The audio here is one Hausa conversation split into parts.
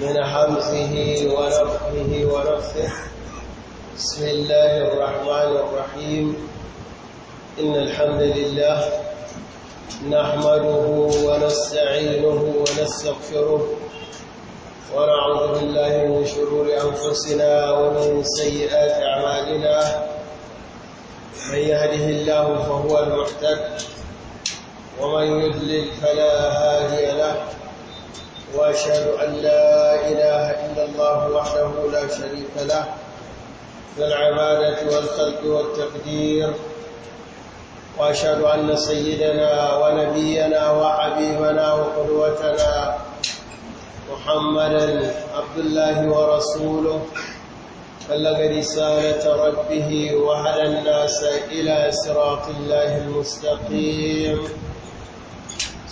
من حمزه ونفه ونفه بسم الله الرحمن الرحيم إن الحمد لله نحمده ونستعينه ونستغفره ونعوذ بالله من شرور أنفسنا ومن سيئات أعمالنا من يهده الله فهو المحتد ومن يضلل فلا هادي له وأشهد أن لا إله إلا الله وحده لا شريك له في العبادة والخلق والتقدير وأشهد أن سيدنا ونبينا وحبيبنا وقدوتنا محمدا عبد الله ورسوله بلغ رسالة ربه وهدى الناس إلى صراط الله المستقيم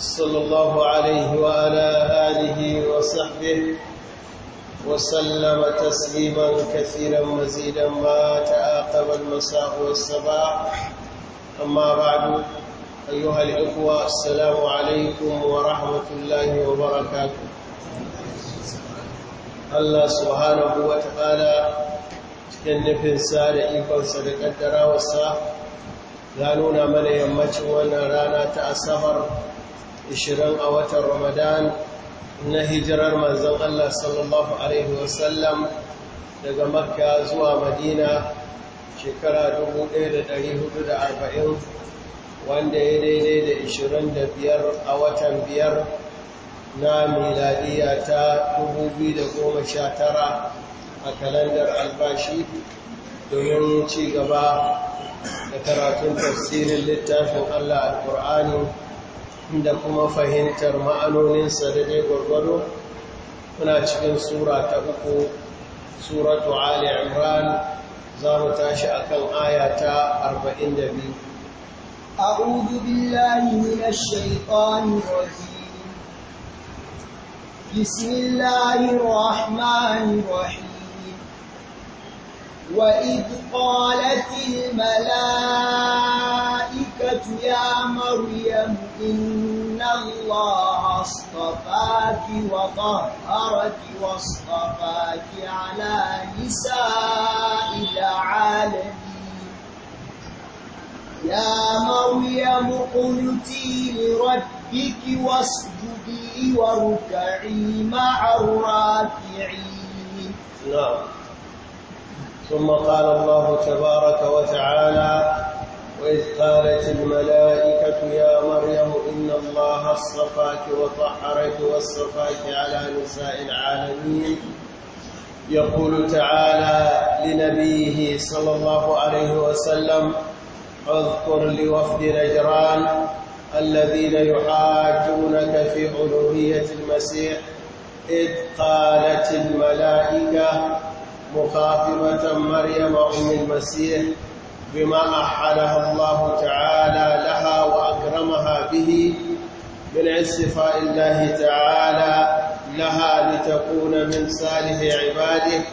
صلى الله عليه وعلى آله وصحبه وسلم تسليما كثيرا مزيدا ما تعاقب المساء والصباح أما بعد أيها الإخوة السلام عليكم ورحمة الله وبركاته Allah subhanahu wa ta'ala cikin nufinsa da ikonsa da ƙaddarawarsa ya nuna mana yammacin wannan rana ta asabar 20 a watan ramadan na hijirar manzon Allah sallallahu Alaihi wasallam daga makka zuwa madina shekara 1440 wanda ya daidai da biyar a watan biyar na miladiya ta 2019 a kalandar albashi domin ci gaba da karatun tafsirin littafin Allah al-Qur'ani da kuma fahimtar ma'anoninsa daidai gwargwado muna cikin sura ta uku suratu ali imran za mu tashi akan aya ta 42 a'udhu billahi minash shaitani rajim bismillahir rahmanir rahim وإذ قالت الملائكة يا مريم الله اصطفاك وطهرك واصطفاك على نساء العالمين يا مريم قلتي لربك واسجدي واركعي مع الراكعين نعم ثم قال الله تبارك وتعالى وإذ قالت الملائكة يا مريم إن الله اصطفاك وطهرك واصطفاك على نساء العالمين يقول تعالى لنبيه صلى الله عليه وسلم اذكر لوفد نجران الذين يحاجونك في ألوهية المسيح إذ قالت الملائكة مخاطبة مريم أم المسيح بما أحالها الله تعالى لها وأكرمها به من اصطفاء الله تعالى لها لتكون من صالح عباده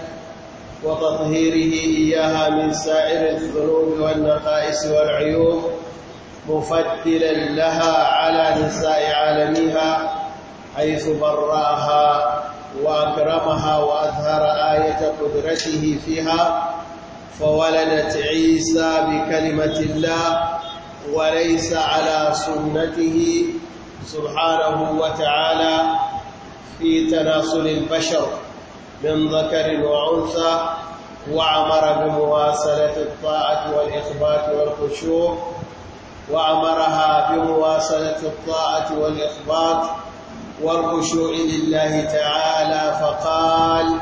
وتطهيره إياها من سائر الذنوب والنقائص والعيوب مفدلا لها على نساء عالمها حيث براها وأكرمها وأظهر آية قدرته فيها فولدت عيسى بكلمة الله وليس على سنته سبحانه وتعالى في تناسل البشر من ذكر وعنثى وأمر بمواصلة الطاعة والإخبات والخشوع وأمرها بمواصلة الطاعة والإخبات والخشوع لله تعالى فقال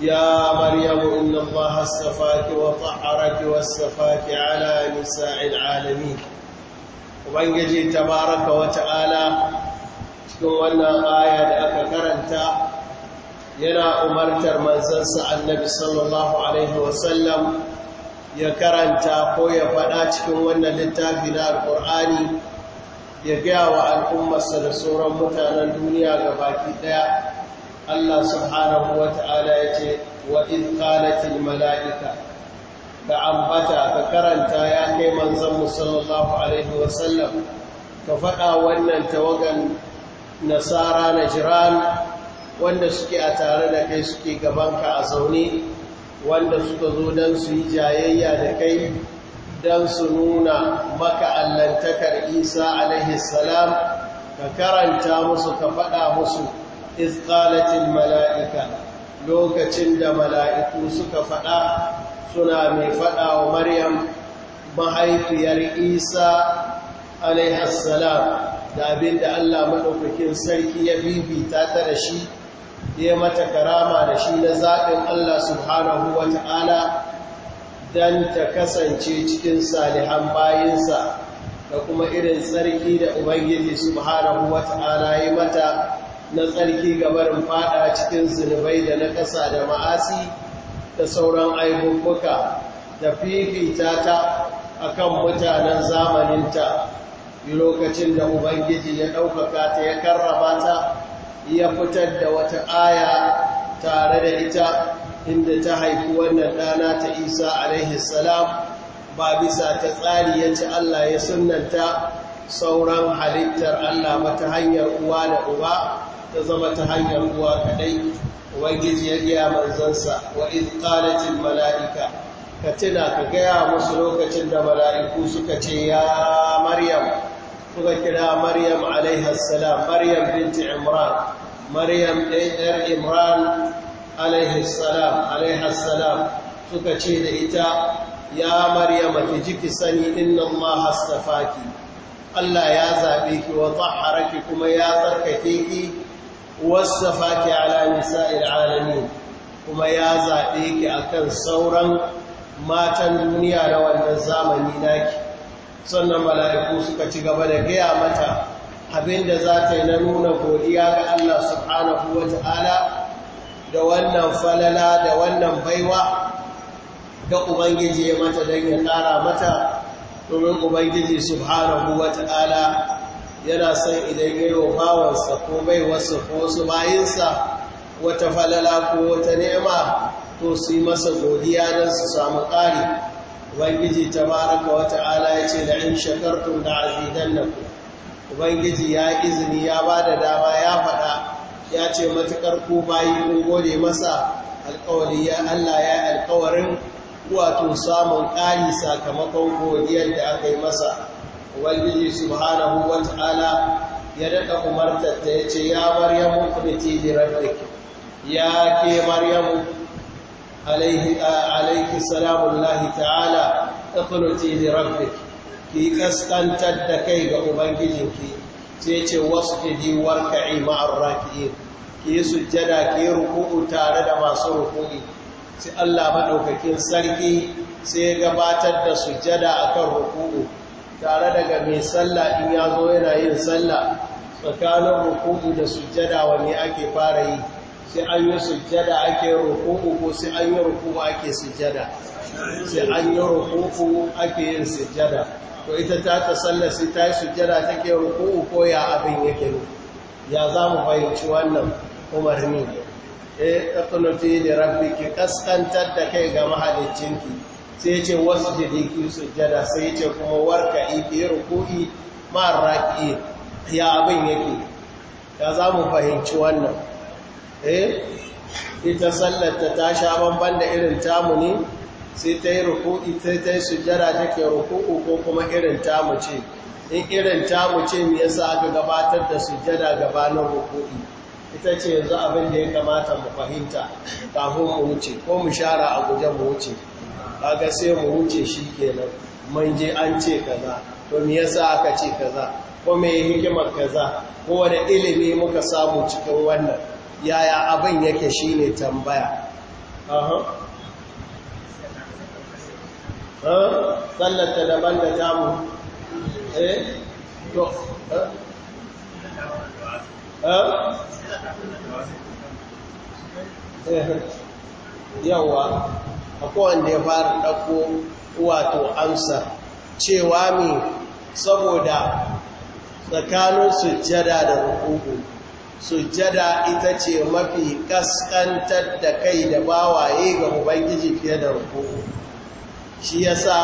يا مريم إن الله استفاك وطهرك واستفاك على نساء العالمين وبنجي تبارك وتعالى cikin wannan aya da aka karanta yana umartar manzansa annabi sallallahu alaihi wasallam ya karanta ko ya faɗa cikin wannan littafi alƙur'ani ya gaya wa al'ummarsa da sauran mutanen duniya ga baki ɗaya Allah subhanahu wa ta'ala ya ce wa in kalatin mala'ika ka ambata ka karanta ya kai manzan sallallahu alaihi da sallam ka faɗa wannan tawagan nasara na jiran wanda suke a tare da kai suke gabanka a zaune wanda suka zo don su yi jayayya da kai don su nuna maka allantakar isa alaihi salam ka karanta musu ka faɗa musu isqalatil mala'ika lokacin da mala'iku suka faɗa suna mai faɗa wa maryam mahaifiyar isa alaihassalam da abinda allah maɗaukakin sarki ya bibita ta da shi ya mata karama da shi na zaɓin allah subhanahu wa ta'ala don ta kasance cikin salihan bayinsa da kuma irin tsarki da ubangiji subhanahu wa ta'ala ya mata na tsarki barin fada cikin zunubai da na ƙasa da ma'asi da sauran aibubuka da fifita ta kan mutanen zamaninta lokacin da ubangiji ya ɗaukaka ta ya karrama ta ya fitar da wata aya tare da ita inda ta haifi wannan ɗana ta isa alaihi salam ba bisa ta tsari ya ci Allah ya sunanta sauran halittar Allah ba ta hanyar uwa da uba ta zama ta hanyar uwa kadai ubangiji ya gaya manzansa wa iz malaika ka tuna ka gaya musu lokacin da mala'iku suka ce ya maryam suka kira maryam alaiha salam maryam binti imran maryam ɗayar imran alaiha salam salam suka ce da ita ya maryam ki jiki sani inna allaha astafaki Allah ya zabe ki wa tahharaki kuma ya tsarkake ki wasafaki ala nisa'il il'alami kuma ya zaɓe ki akan sauran matan duniya na wannan zamani naki sannan mala'iku suka ci gaba da gaya mata abinda za ta yi na nuna godiya ga Allah subhanahu wa ta'ala da wannan falala da wannan baiwa da Ubangiji ya mata don ya ƙara mata domin Ubangiji subhanahu wa ta'ala yana son idan ya yi wa bawansa ko mai wasu ko su bayinsa wata falala ko wata nema to su yi masa godiya don su samu ƙari ubangiji ta baraka wata ala ya ce la'in shakartun da azidan na ku ubangiji ya izini ya ba da dama ya faɗa ya ce matuƙar ku bayi kun gode masa alƙawari ya allah ya alƙawarin wato samun ƙari sakamakon godiyar da aka yi masa ubangiji subhanahu wa ta'ala ya daɗa umartar ta ya ce ya maryamu kuniti da rabbiki ya ke maryamu alaiki salamun lahi ta'ala kuniti da rabbiki ki kaskantar da kai ga ubangijinki sai ce wasu idi ka’i ma'ar raki'in ki yi sujjada ki yi ruku'u tare da masu ruku'i sai Allah maɗaukakin sarki sai gabatar da a kan ruku'u tare daga mai sallah in ya zo yana yin sallah tsakanin rukuku da sujjada wanne ake fara yi sai an yi sujjada ake rukuku ko sai an yi rukuku ake sujjada sai an yi rukuku ake yin sujjada ko ita ta ta tsalla sai ta yi sujjada ke rukuku ko ya abin yake ne ya za mu fahimci wannan umarni eh taqnuti li ki kaskantar da kai ga mahaliccinki sai ya ce wasu jadiki sujada sai ya ce kuma warka rukuri ruku'i marraki ya abin yake ya za mu fahimci wannan eh ita sallata ta sha banban da irin tamu ne sai ta yi ruku'i sai ta yi ta take ruku'u ko kuma irin tamu ce in irin tamu ce mu yasa aka gabatar da sujjada gabanin ruku'i ita ce yanzu abin da ya kamata mu fahimta kafin mu wuce ko mu shara a guje mu wuce kaga sai mu wuce shi kenan mun je an ce kaza to me yasa aka ce kaza ko me hikimar kaza ko wani ilimi muka samu cikin wannan yaya abin yake shine tambaya aha eh? eh. yawa akwai wanda ya fara ɗauko wato amsa cewa mi saboda tsakanin sujjada da rukuku sujjada ita ce mafi ƙasƙantar da kai da bawaye ga ubangiji fiye da rukuku shi yasa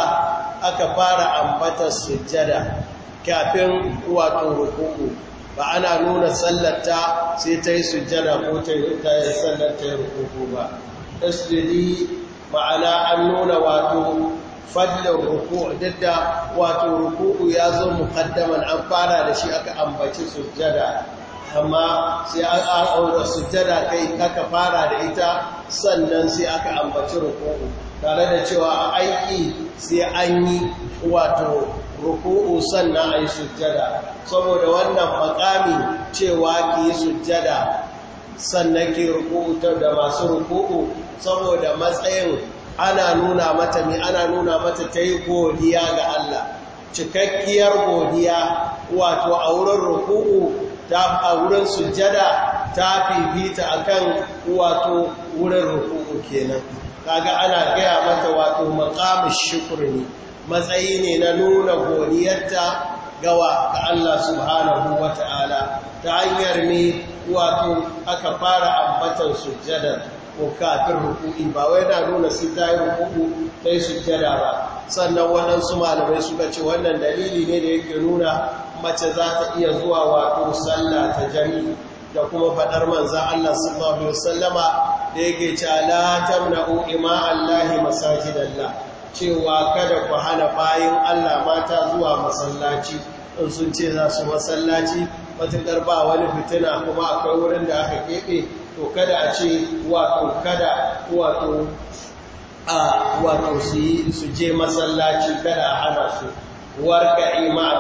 aka fara ambatar sujjada kafin wato rukuku ba ana nuna sallarta sai ta yi sujjada ko ta yi sallar ta yi rukuku ba ma'ana an nuna wato fadlar ruku dadda wato ruku ya zo mukaddaman an fara da shi aka ambaci sujjada amma sai an aura sujjada kai aka fara da ita sannan sai aka ambaci ruku tare da cewa aiki sai an yi wato ruku sannan a yi sujjada saboda wannan makami cewa ki yi sujjada sannan ki ta da masu ruku'u saboda matsayin ana nuna mata ne ana nuna mata ta yi godiya ga Allah cikakkiyar godiya wato a wurin ruku'u ta a wurin sujjada ta fifita akan wato wurin ruku'u kenan kaga ana gaya mata wato makamun shukr ne matsayi ne na nuna godiyarta gawa ga Allah subhanahu wata'ala ta hanyar ne wato aka fara ambatar sujjadar Ko kafin ruku'i ba wai na nuna sai ta yi ruku'u ta yi sujjada ba sannan waɗansu malamai suka ce wannan dalili ne da yake nuna mace za ta iya zuwa wato sallah ta jami da kuma faɗar manza Allah sallallahu alaihi wasallama da yake ce la tamna'u ima Allahi masajidallah cewa kada ku hana bayan Allah mata zuwa masallaci in sun ce za su masallaci matuƙar ba wani fitina kuma akwai wurin da aka keɓe to kada a ce wato kada wato a wato su je masallaci kada a hana su warka imar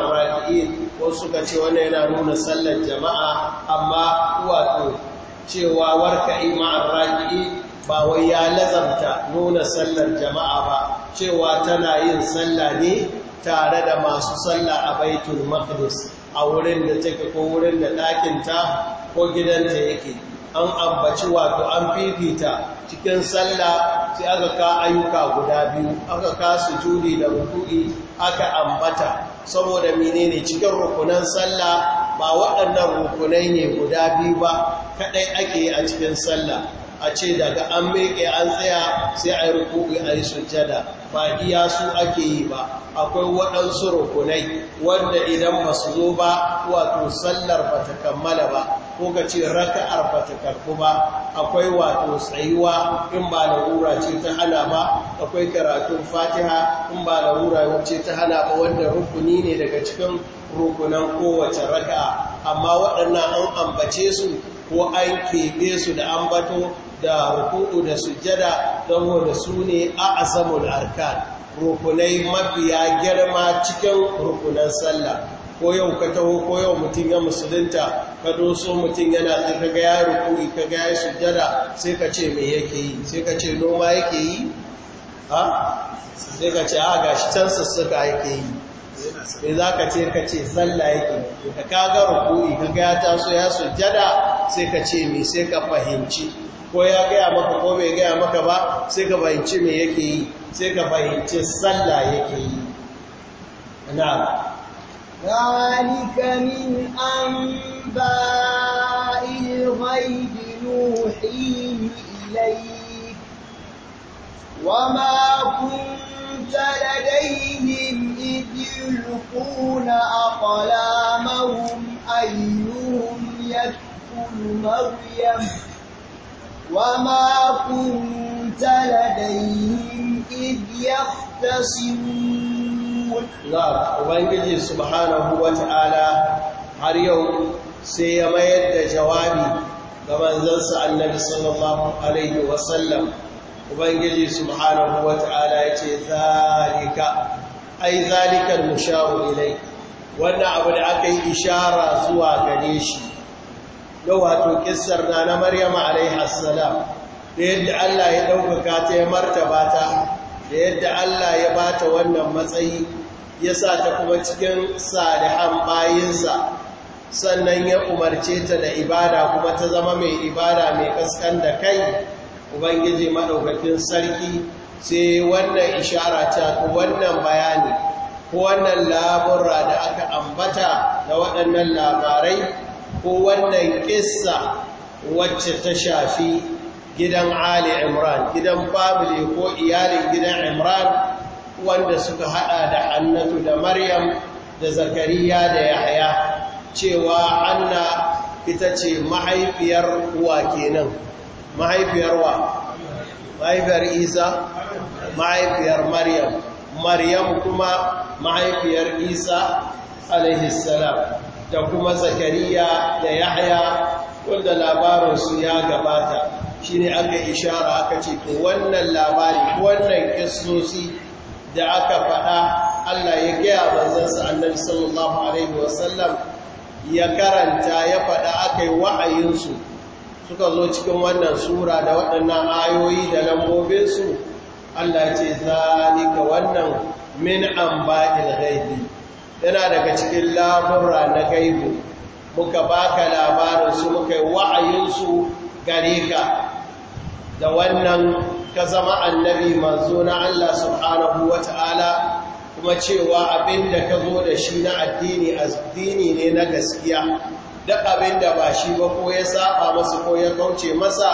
ko suka ce wani yana nuna sallar jama'a amma wato cewa warka imar ba wai ya lazarta nuna sallar jama'a ba cewa tana yin sallah ne tare da masu sallah a baitul maqdis a wurin da take ko wurin da ɗakinta ko gidanta yake an ambaci wato an fifita cikin sallah sai aka ka ayyuka guda biyu aka ka sujudi da ruku'i aka ambata saboda menene cikin rukunan sallah ba waɗannan rukunai ne guda biyu ba Kaɗai ake a cikin sallah a ce daga an meke an tsaya sai a yi ruku'i a yi sujjada ba iya su ake yi ba akwai waɗansu rukunai wanda idan ba su zo ba wato sallar ba ta kammala ba ko ka ce raka'ar ba ta ba akwai wato tsayuwa in ba larura ce ta hana ba akwai karatun fatiha in ba larura ce ta hana ba wanda rukuni ne daga cikin rukunan kowace raka'a amma waɗannan an ambace su ko an keɓe su da ambato da ruku'u da sujada, don wanda su ne a asamul arkan rukunai mafiya girma cikin rukunan sallah ko yau ka taho ko yau mutum ya musulunta ka doso mutum yana ka ga ya ruku'i ka ga ya sujjada sai ka ce me yake yi sai ka ce noma yake yi ha sai ka ce a shi can sassuka yake yi sai za ka ce ka ce tsalla yake ka kaga rukuri ka gaya taso ya sujjada sai ka ce mai sai ka fahimci ko ya gaya maka ko bai gaya maka ba sai ka fahimci mai yake yi sai ka fahimci tsalla yake yi na ذلك من أنباء الغيب نوحيه إليك وما كنت لديهم إذ يلقون أقلامهم أيهم يدخل مريم وما كنت لديهم إذ يختصمون na ubangiji subhanahu wata'ala har yau sai ya mayar da jawabi ga manzansa annabi sallallahu alaihi wasallam ubangiji subhanahu wata'ala ya ce zalika ai zalikal musharu ilai wannan abu da aka yi ishara zuwa gane shi da wato kissar na na maryama alaihi assalam da yadda Allah ya ɗaukaka ta ya martaba ta da yadda Allah ya ba ta wannan matsayi ya sa ta kuma cikin salihan bayinsa sannan ya umarce ta da ibada kuma ta zama mai ibada mai kaskan da kai ubangiji maɗaukakin sarki sai wannan ishara ta wannan bayani ko wannan labura da aka ambata da waɗannan labarai ko wannan ƙissa wacce ta shafi gidan ali imran gidan family ko iyalin gidan imran wanda suka hada da annatu da maryam da zakariya da yahya cewa anna ita ce mahaifiyar uwa kenan mahaifiyar wa mahaifiyar isa mahaifiyar maryam maryam kuma mahaifiyar isa alaihissalam da kuma zakariya da yahya wanda labarinsu ya gabata ne aka ishara aka ce to wannan labari wannan kisosi da aka faɗa Allah ya gaya manzansa annabi sallallahu alaihi wasallam ya karanta ya faɗa aka yi wa'ayinsu suka zo cikin wannan sura da waɗannan ayoyi da lambobinsu Allah ce zalika wannan min amba'il ghaibi yana daga cikin labura na gaibu muka baka labarin su muka yi wa'ayinsu gare ka da wannan ka zama annabi manzo na Allah subhanahu wata'ala kuma cewa abinda ka zo da shi na addini addini ne na gaskiya duk abinda ba shi ba ko ya saba masa ko ya kauce masa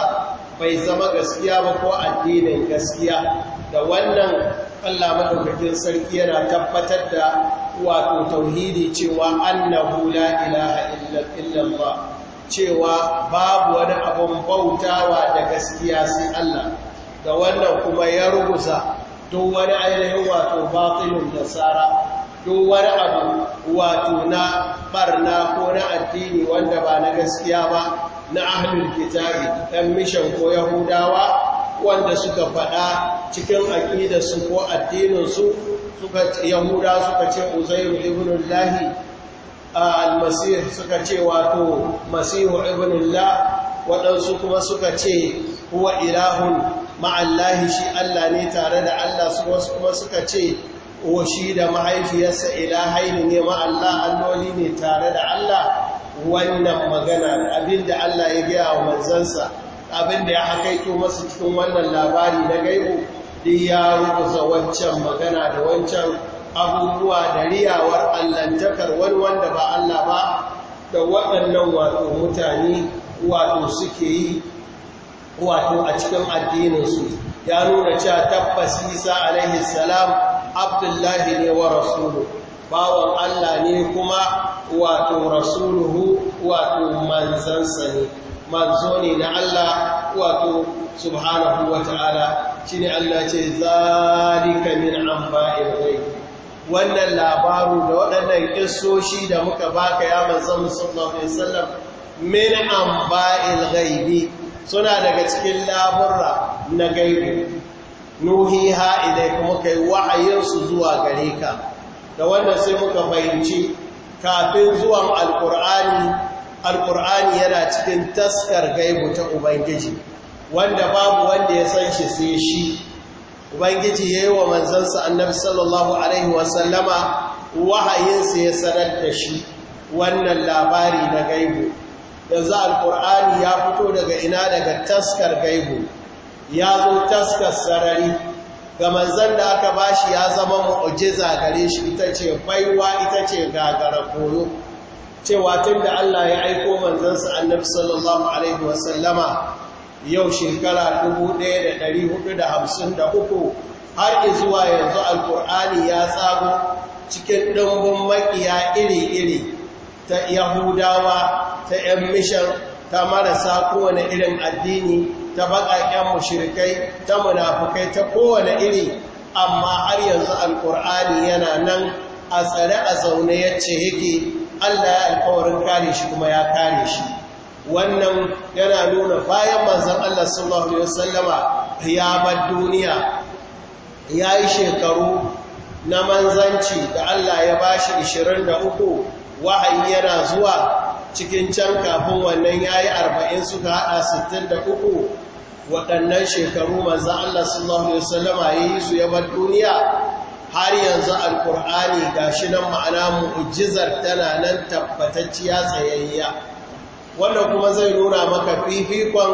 bai zama gaskiya ba ko addinin gaskiya da wannan Allah madaukakin sarki yana tabbatar da wato tauhidi cewa annahu la ilaha illa cewa babu wani abin bautawa da gaskiya sai Allah da wannan kuma ya rubuta. duk wani ainihin wato batilun nasara duk wani abu wato na barna ko na addini wanda ba na gaskiya ba na ahlul kitabi dan mishan ko yahudawa wanda suka faɗa cikin aƙidarsu ko addininsu suka yahuda suka ce uzairu ibnullahi almasih suka ce wato masihu ibnullah waɗansu kuma suka ce huwa ilahun ma'allahi shi Allah ne tare da Allah wasu kuma suka ce wa shi da mahaifiyarsa ilahaini ne ma'allah alloli ne tare da Allah wannan magana abinda Allah ya gaya wa manzansa abinda ya hakaito masu cikin wannan labari na gaibu duk ya rubuta wancan magana da wancan abubuwa da riyawar allantakar wani wanda ba Allah ba da waɗannan wato mutane wato suke yi wato a cikin addininsu ya nuna cewa tabbas isa alaihi salam abdullahi ne wa rasulu bawan Allah ne kuma wato rasuluhu wato manzansa ne manzo ne na Allah wato subhanahu wa ta'ala shi ne Allah ce zalika min amba'il ghaib wannan labaru da waɗannan ƙisoshi da muka baka ya manzan musamman sallam min ba'il gaibi suna daga cikin laburra na gaibi nuhi ha'idai kuma kai wa'ayinsu zuwa gare ka da wannan sai muka fahimci kafin zuwan alkur'ani alkur'ani yana cikin taskar gaibu ta ubangiji wanda babu wanda ya san shi sai shi ubangiji ya yi wa manzansa annabi sallallahu alaihi wasallama wahayinsa ya sanar da shi wannan labari na gaibu yanzu alkur'ani ya fito daga ina daga taskar gaibu ya zo taskar sarari ga manzan da aka bashi ya zama mu'ujiza gare shi ita ce baiwa ita ce gagara koyo cewa tun da Allah ya aiko manzansa annabi sallallahu alaihi wasallama yau shekara 1453 har zuwa yanzu alkur'ani ya tsago cikin ɗumbin makiya iri-iri ta yahudawa ta 'yan mishan ta marasa kowane irin addini ta baƙaƙen mushirikai ta munafukai ta kowane iri amma har yanzu alkur'ani yana nan a tsare a zaune yace yake allah ya alkawarin kare shi kuma ya kare shi wannan yana nuna bayan manzan Allah sallallahu Alaihi wasallama ya bar duniya ya yi shekaru na manzanci da Allah ya ba bashi 23 wahayi yana zuwa cikin can kafin wannan ya yi 40 suka haɗa 63 waɗannan shekaru manzan Allah sallallahu Alaihi wasallama ya yi su ya bar duniya har yanzu ga shi nan ma'ana mu'ujizar tana nan tabbatacciya tsayayya wannan kuma zai nuna maka fifikon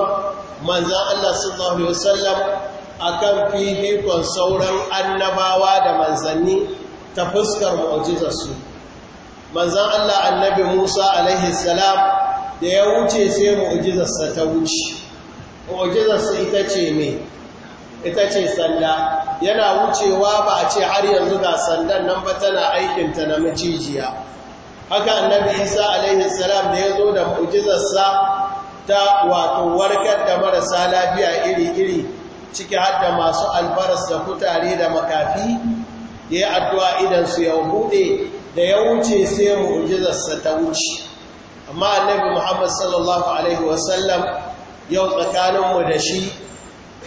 manzan Allah sallallahu Alaihi wasallam a kan fifikon sauran annabawa da manzanni ta fuskar mu'ajizarsu manzan Allah annabi Musa alaihi salam da ya wuce sai mu'ajizarsa ta wuce mu'ajizarsa ita ce mai, ita ce sanda yana wucewa ba a ce har yanzu ga sandan nan ba tana aikinta na macijiya haka annabi isa alaihi salam da ya zo da mu'jizarsa ta wato warkar da marasa lafiya iri-iri ciki har da masu albaras da kutare da makafi ya addu'a addu'a su ya buɗe da ya wuce sai mu'jizarsa ta wuce amma annabi muhammad sallallahu alaihi wasallam yau tsakaninmu da shi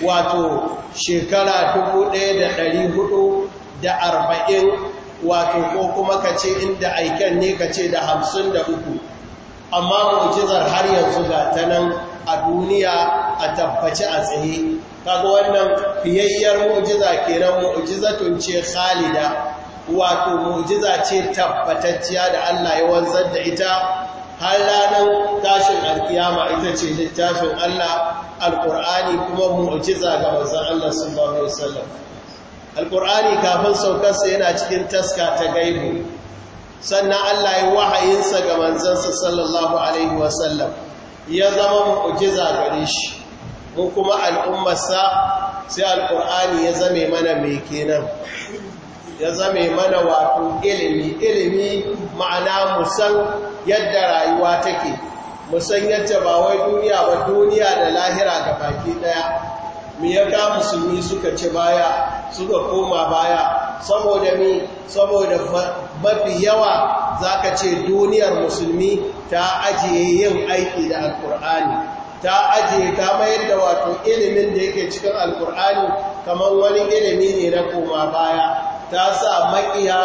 wato shekara 1440 wato ko kuma ka ce inda aiken ne ka ce da hamsin da uku amma mu'jizar har yanzu ga ta nan a duniya a tabbaci a tsaye kaga wannan fiyayyar mu'jiza kenan mu'jizatun ce khalida wato mu'jiza ce tabbatacciya da Allah ya wanzar da ita har ranar tashin alkiyama ita ce littafin Allah alkur'ani kuma mu'jiza ga manzon Allah ba alaihi alƙur'ani kafin saukarsa yana cikin taska ta gaibu sannan Allah ya wahayinsa ga manzansa sallallahu alaihi wasallam ya zama mu'jiza gare shi mu kuma al'ummarsa sai alƙur'ani ya zame mana mai kenan ya zame mana wato ilimi ilimi ma'ana musan yadda rayuwa take musan yadda ba wai duniya ba duniya da lahira ga baki daya me musulmi suka ci baya suka koma baya saboda mi saboda mafi yawa zaka ce duniyar musulmi ta ajiye yin aiki da alkur'ani ta ajiye ta mayar da wato ilimin da yake cikin alkur'ani kamar wani ilimi ne na koma baya ta sa makiya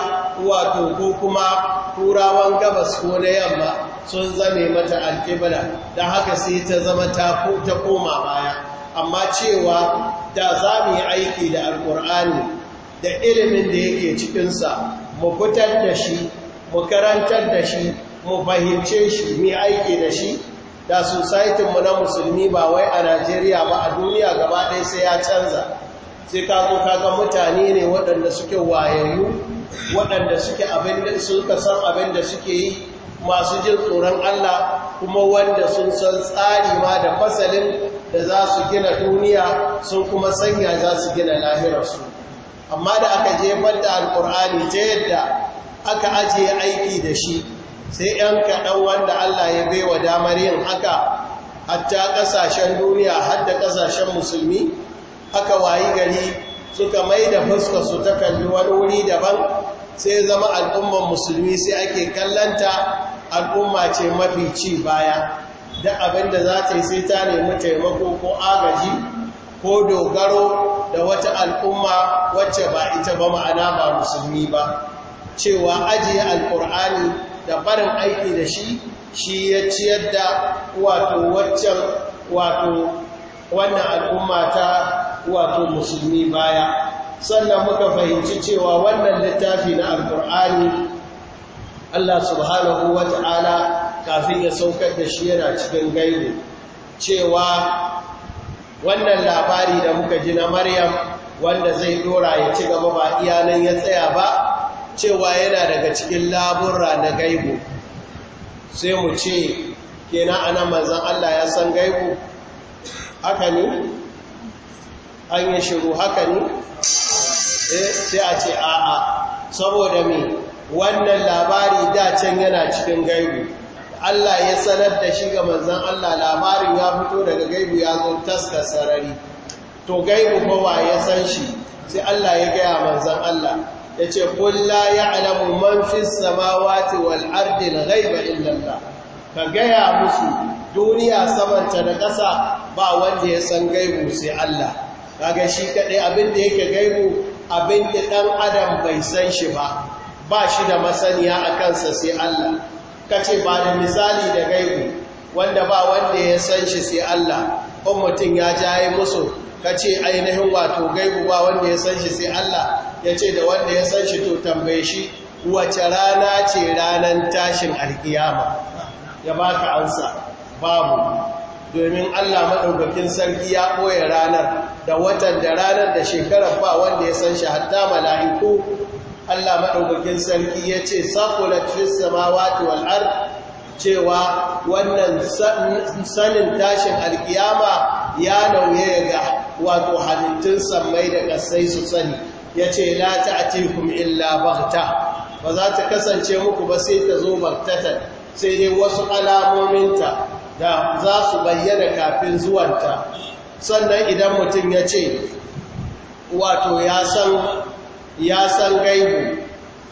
wato ko kuma turawan gabas ko na yamma sun zame mata alkibla don haka sai ta zama ta koma baya amma cewa da za mu yi aiki da alkur'ani da ilimin da yake cikinsa mu fitar da shi mu karantar da shi mu fahimce shi mu aiki da shi da societinmu na musulmi ba wai a najeriya ba a duniya gaba ɗaya sai ya canza sai ka kaga mutane ne waɗanda suke wayayyu waɗanda suke abin da abin da suke yi masu jin tsoron Allah kuma wanda sun san tsari ma da fasalin da za su gina duniya sun kuma sanya za su gina lahirarsu amma da aka jefar da alkur'ani ta yadda aka ajiye aiki da shi sai 'yan kaɗan wanda Allah ya bai wa damar yin haka hatta ƙasashen duniya har ƙasashen musulmi aka wayi gari suka mai da fuska su ta kalli wani wuri daban sai zama al'umman musulmi sai ake kallanta al'umma ce mafi ci baya da abinda za ta yi sai ta nemi taimako ko agaji ko dogaro da wata al'umma wacce ba ita ba ma'ana ba musulmi ba cewa ajiye alkur'ani da barin aiki da shi shi ya ciyar da wato waccan wato wannan al'umma ta wato musulmi baya sannan muka fahimci cewa wannan littafi na alkur'ani Allah subhanahu wa ta’ala kafin ya saukar da shi yana cikin gaibe cewa wannan labari da muka ji na Maryam wanda zai dora ya ci gaba ba iyanan ya tsaya ba cewa yana daga cikin labura na gaibu sai mu ce kenan ana manzan Allah ya san gaibu haka ne an yi shiru haka ne eh, sai a ce a'a saboda me wannan labari da can yana cikin gaibu Allah ya sanar da shi ga Manzan Allah labarin ya fito daga gaibu ya zo taska sarari to gaibu kowa ya san shi sai Allah ya gaya Manzan Allah ya ce kulla ya alamu man fi samawati wal ardil ghaiba illallah ka gaya musu duniya samanta da ƙasa ba wanda ya san gaibu sai Allah kaga shi kaɗai abinda yake gaibu abinda ɗan adam bai san shi ba ba shi da masaniya a kansa sai Allah ka ce ba da misali da gaibu wanda ba wanda ya san shi sai Allah Kuma mutum ya jaye musu ka ce ainihin wato gaibu ba wanda ya san shi sai Allah ya ce da wanda ya san shi to tambaye shi wace rana ce ranar tashin alkiyama ya baka ansa babu domin Allah maɗaukakin sarki ya ɓoye ranar da watan da ranar da shekarar ba wanda ya san shi hatta mala'iku Allah maɗaukakin sarki ya ce sakulat fi samawati wal'ar cewa wannan sanin tashin alkiyama ya nauye ga wato halittun sammai da ƙasai su sani ya ce la ta'tikum illa labarta. ba za ta kasance muku ba sai ta zo martata, sai dai wasu alamominta da za su bayyana kafin zuwanta sannan idan mutum ya ce wato ya san ya san gaibu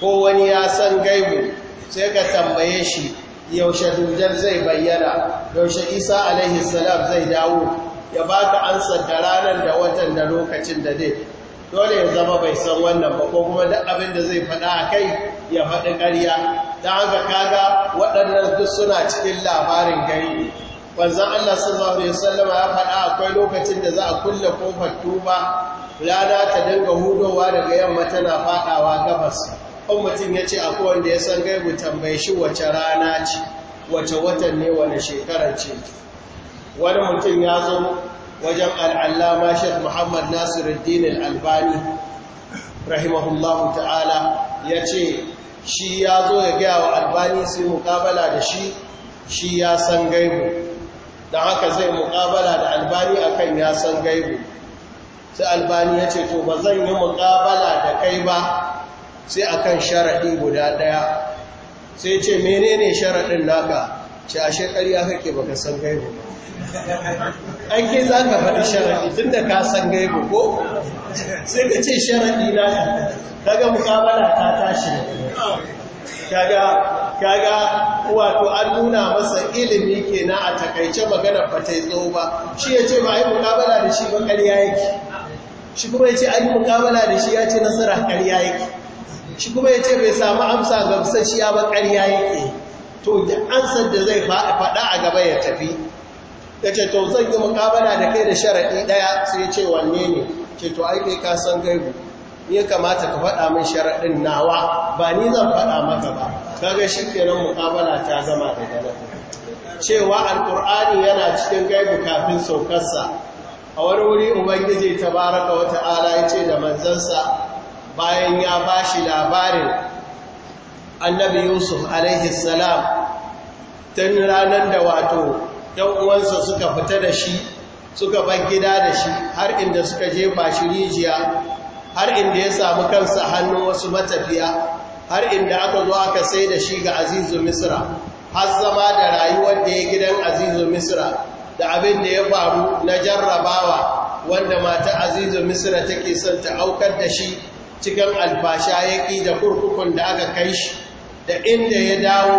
ko wani ya san gaibu sai ka tambaye shi yaushe dujar zai bayyana yaushe isa alaihi salam zai dawo ya ba ka ansar da ranar da watan da lokacin da dai dole ya zama bai san wannan ba ko kuma duk abin da zai faɗa a kai ya faɗi ƙarya don haka kaga waɗannan duk suna cikin labarin gari wanzan Allah sallallahu alaihi wasallam ya faɗa akwai lokacin da za a kulle kofar tuba Lada ta dinga hudowa daga yamma tana fadawa gabas kan mutum ya ce akwai wanda ya san gaibu tambaye shi wace rana ce wace watan ne wani shekarar ce wani mutum ya zo wajen al'allama shek muhammad nasiruddin al'albani rahimahullahu ta'ala ya ce shi ya zo ya gaya wa albani sai mukabala da shi shi ya san gaibu don haka zai mukabala da albani akan ya san gaibu sai albani ya ce to ba zan yi mukabala da kai ba sai akan sharaɗi guda ɗaya sai ce ne sharaɗin naka ce a shekari kake ba baka san gaibu an ke za ka faɗi sharaɗi tun da ka san gaibu ko sai ka ce sharaɗi na daga mukabala ta tashi kaga wato an nuna masa ilimi kenan a takaice magana ba ta yi ba shi ya ce ba a yi muƙabala da shi ba ƙarya yake shi kuma ya ce an yi mukabala da shi ya ce nasara ƙarya yake shi kuma ya ce bai samu amsa ga fusashiya ba ƙarya yake to da ansar da zai faɗa a gaba ya tafi ya ce to zan yi mukabala da kai da sharaɗi ɗaya sai ya ce wanne ne ce to ai kai ka gaibu ni ya kamata ka faɗa min sharaɗin nawa ba ni zan faɗa maka ba kaga shi kenan mukabala ta zama da nan cewa alƙur'ani yana cikin gaibu kafin saukarsa a wani wuri ubangiji baraka wata ala ya ce da manzansa bayan ya ba shi labarin annabi yusuf alaihi salam tun ranar da wato uwansa suka fita da shi suka bar gida da shi har inda suka jefa shi rijiya har inda ya samu kansa hannun wasu matafiya har inda aka zo aka sai da shi ga azizu misra har zama da rayuwar da ya gidan azizu misra da abin da ya faru na jarrabawa wanda mata azizu Misira take son ta aukar da shi cikin alfasha ya da kurkukun da aka kai shi da inda ya dawo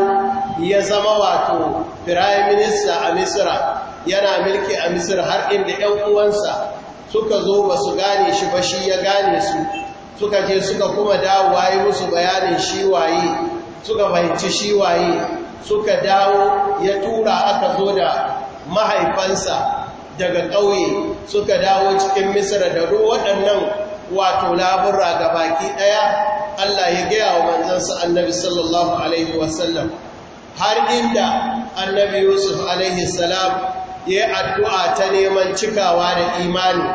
ya zama wato firayim minista a Misira yana milki a misra har inda 'yan uwansa suka zo ba su gane shi ba shi ya gane su suka je suka kuma dawo waye musu bayanin shi waye suka fahimci shi waye suka dawo ya tura aka zo da mahaifansa daga ƙauye suka dawo cikin misira da ruwa waɗannan wato labura ga baki ɗaya Allah ya gaya wa manzansa annabi sallallahu alaihi wasallam har inda annabi yusuf alaihi salam ya yi addu'a ta neman cikawa da imani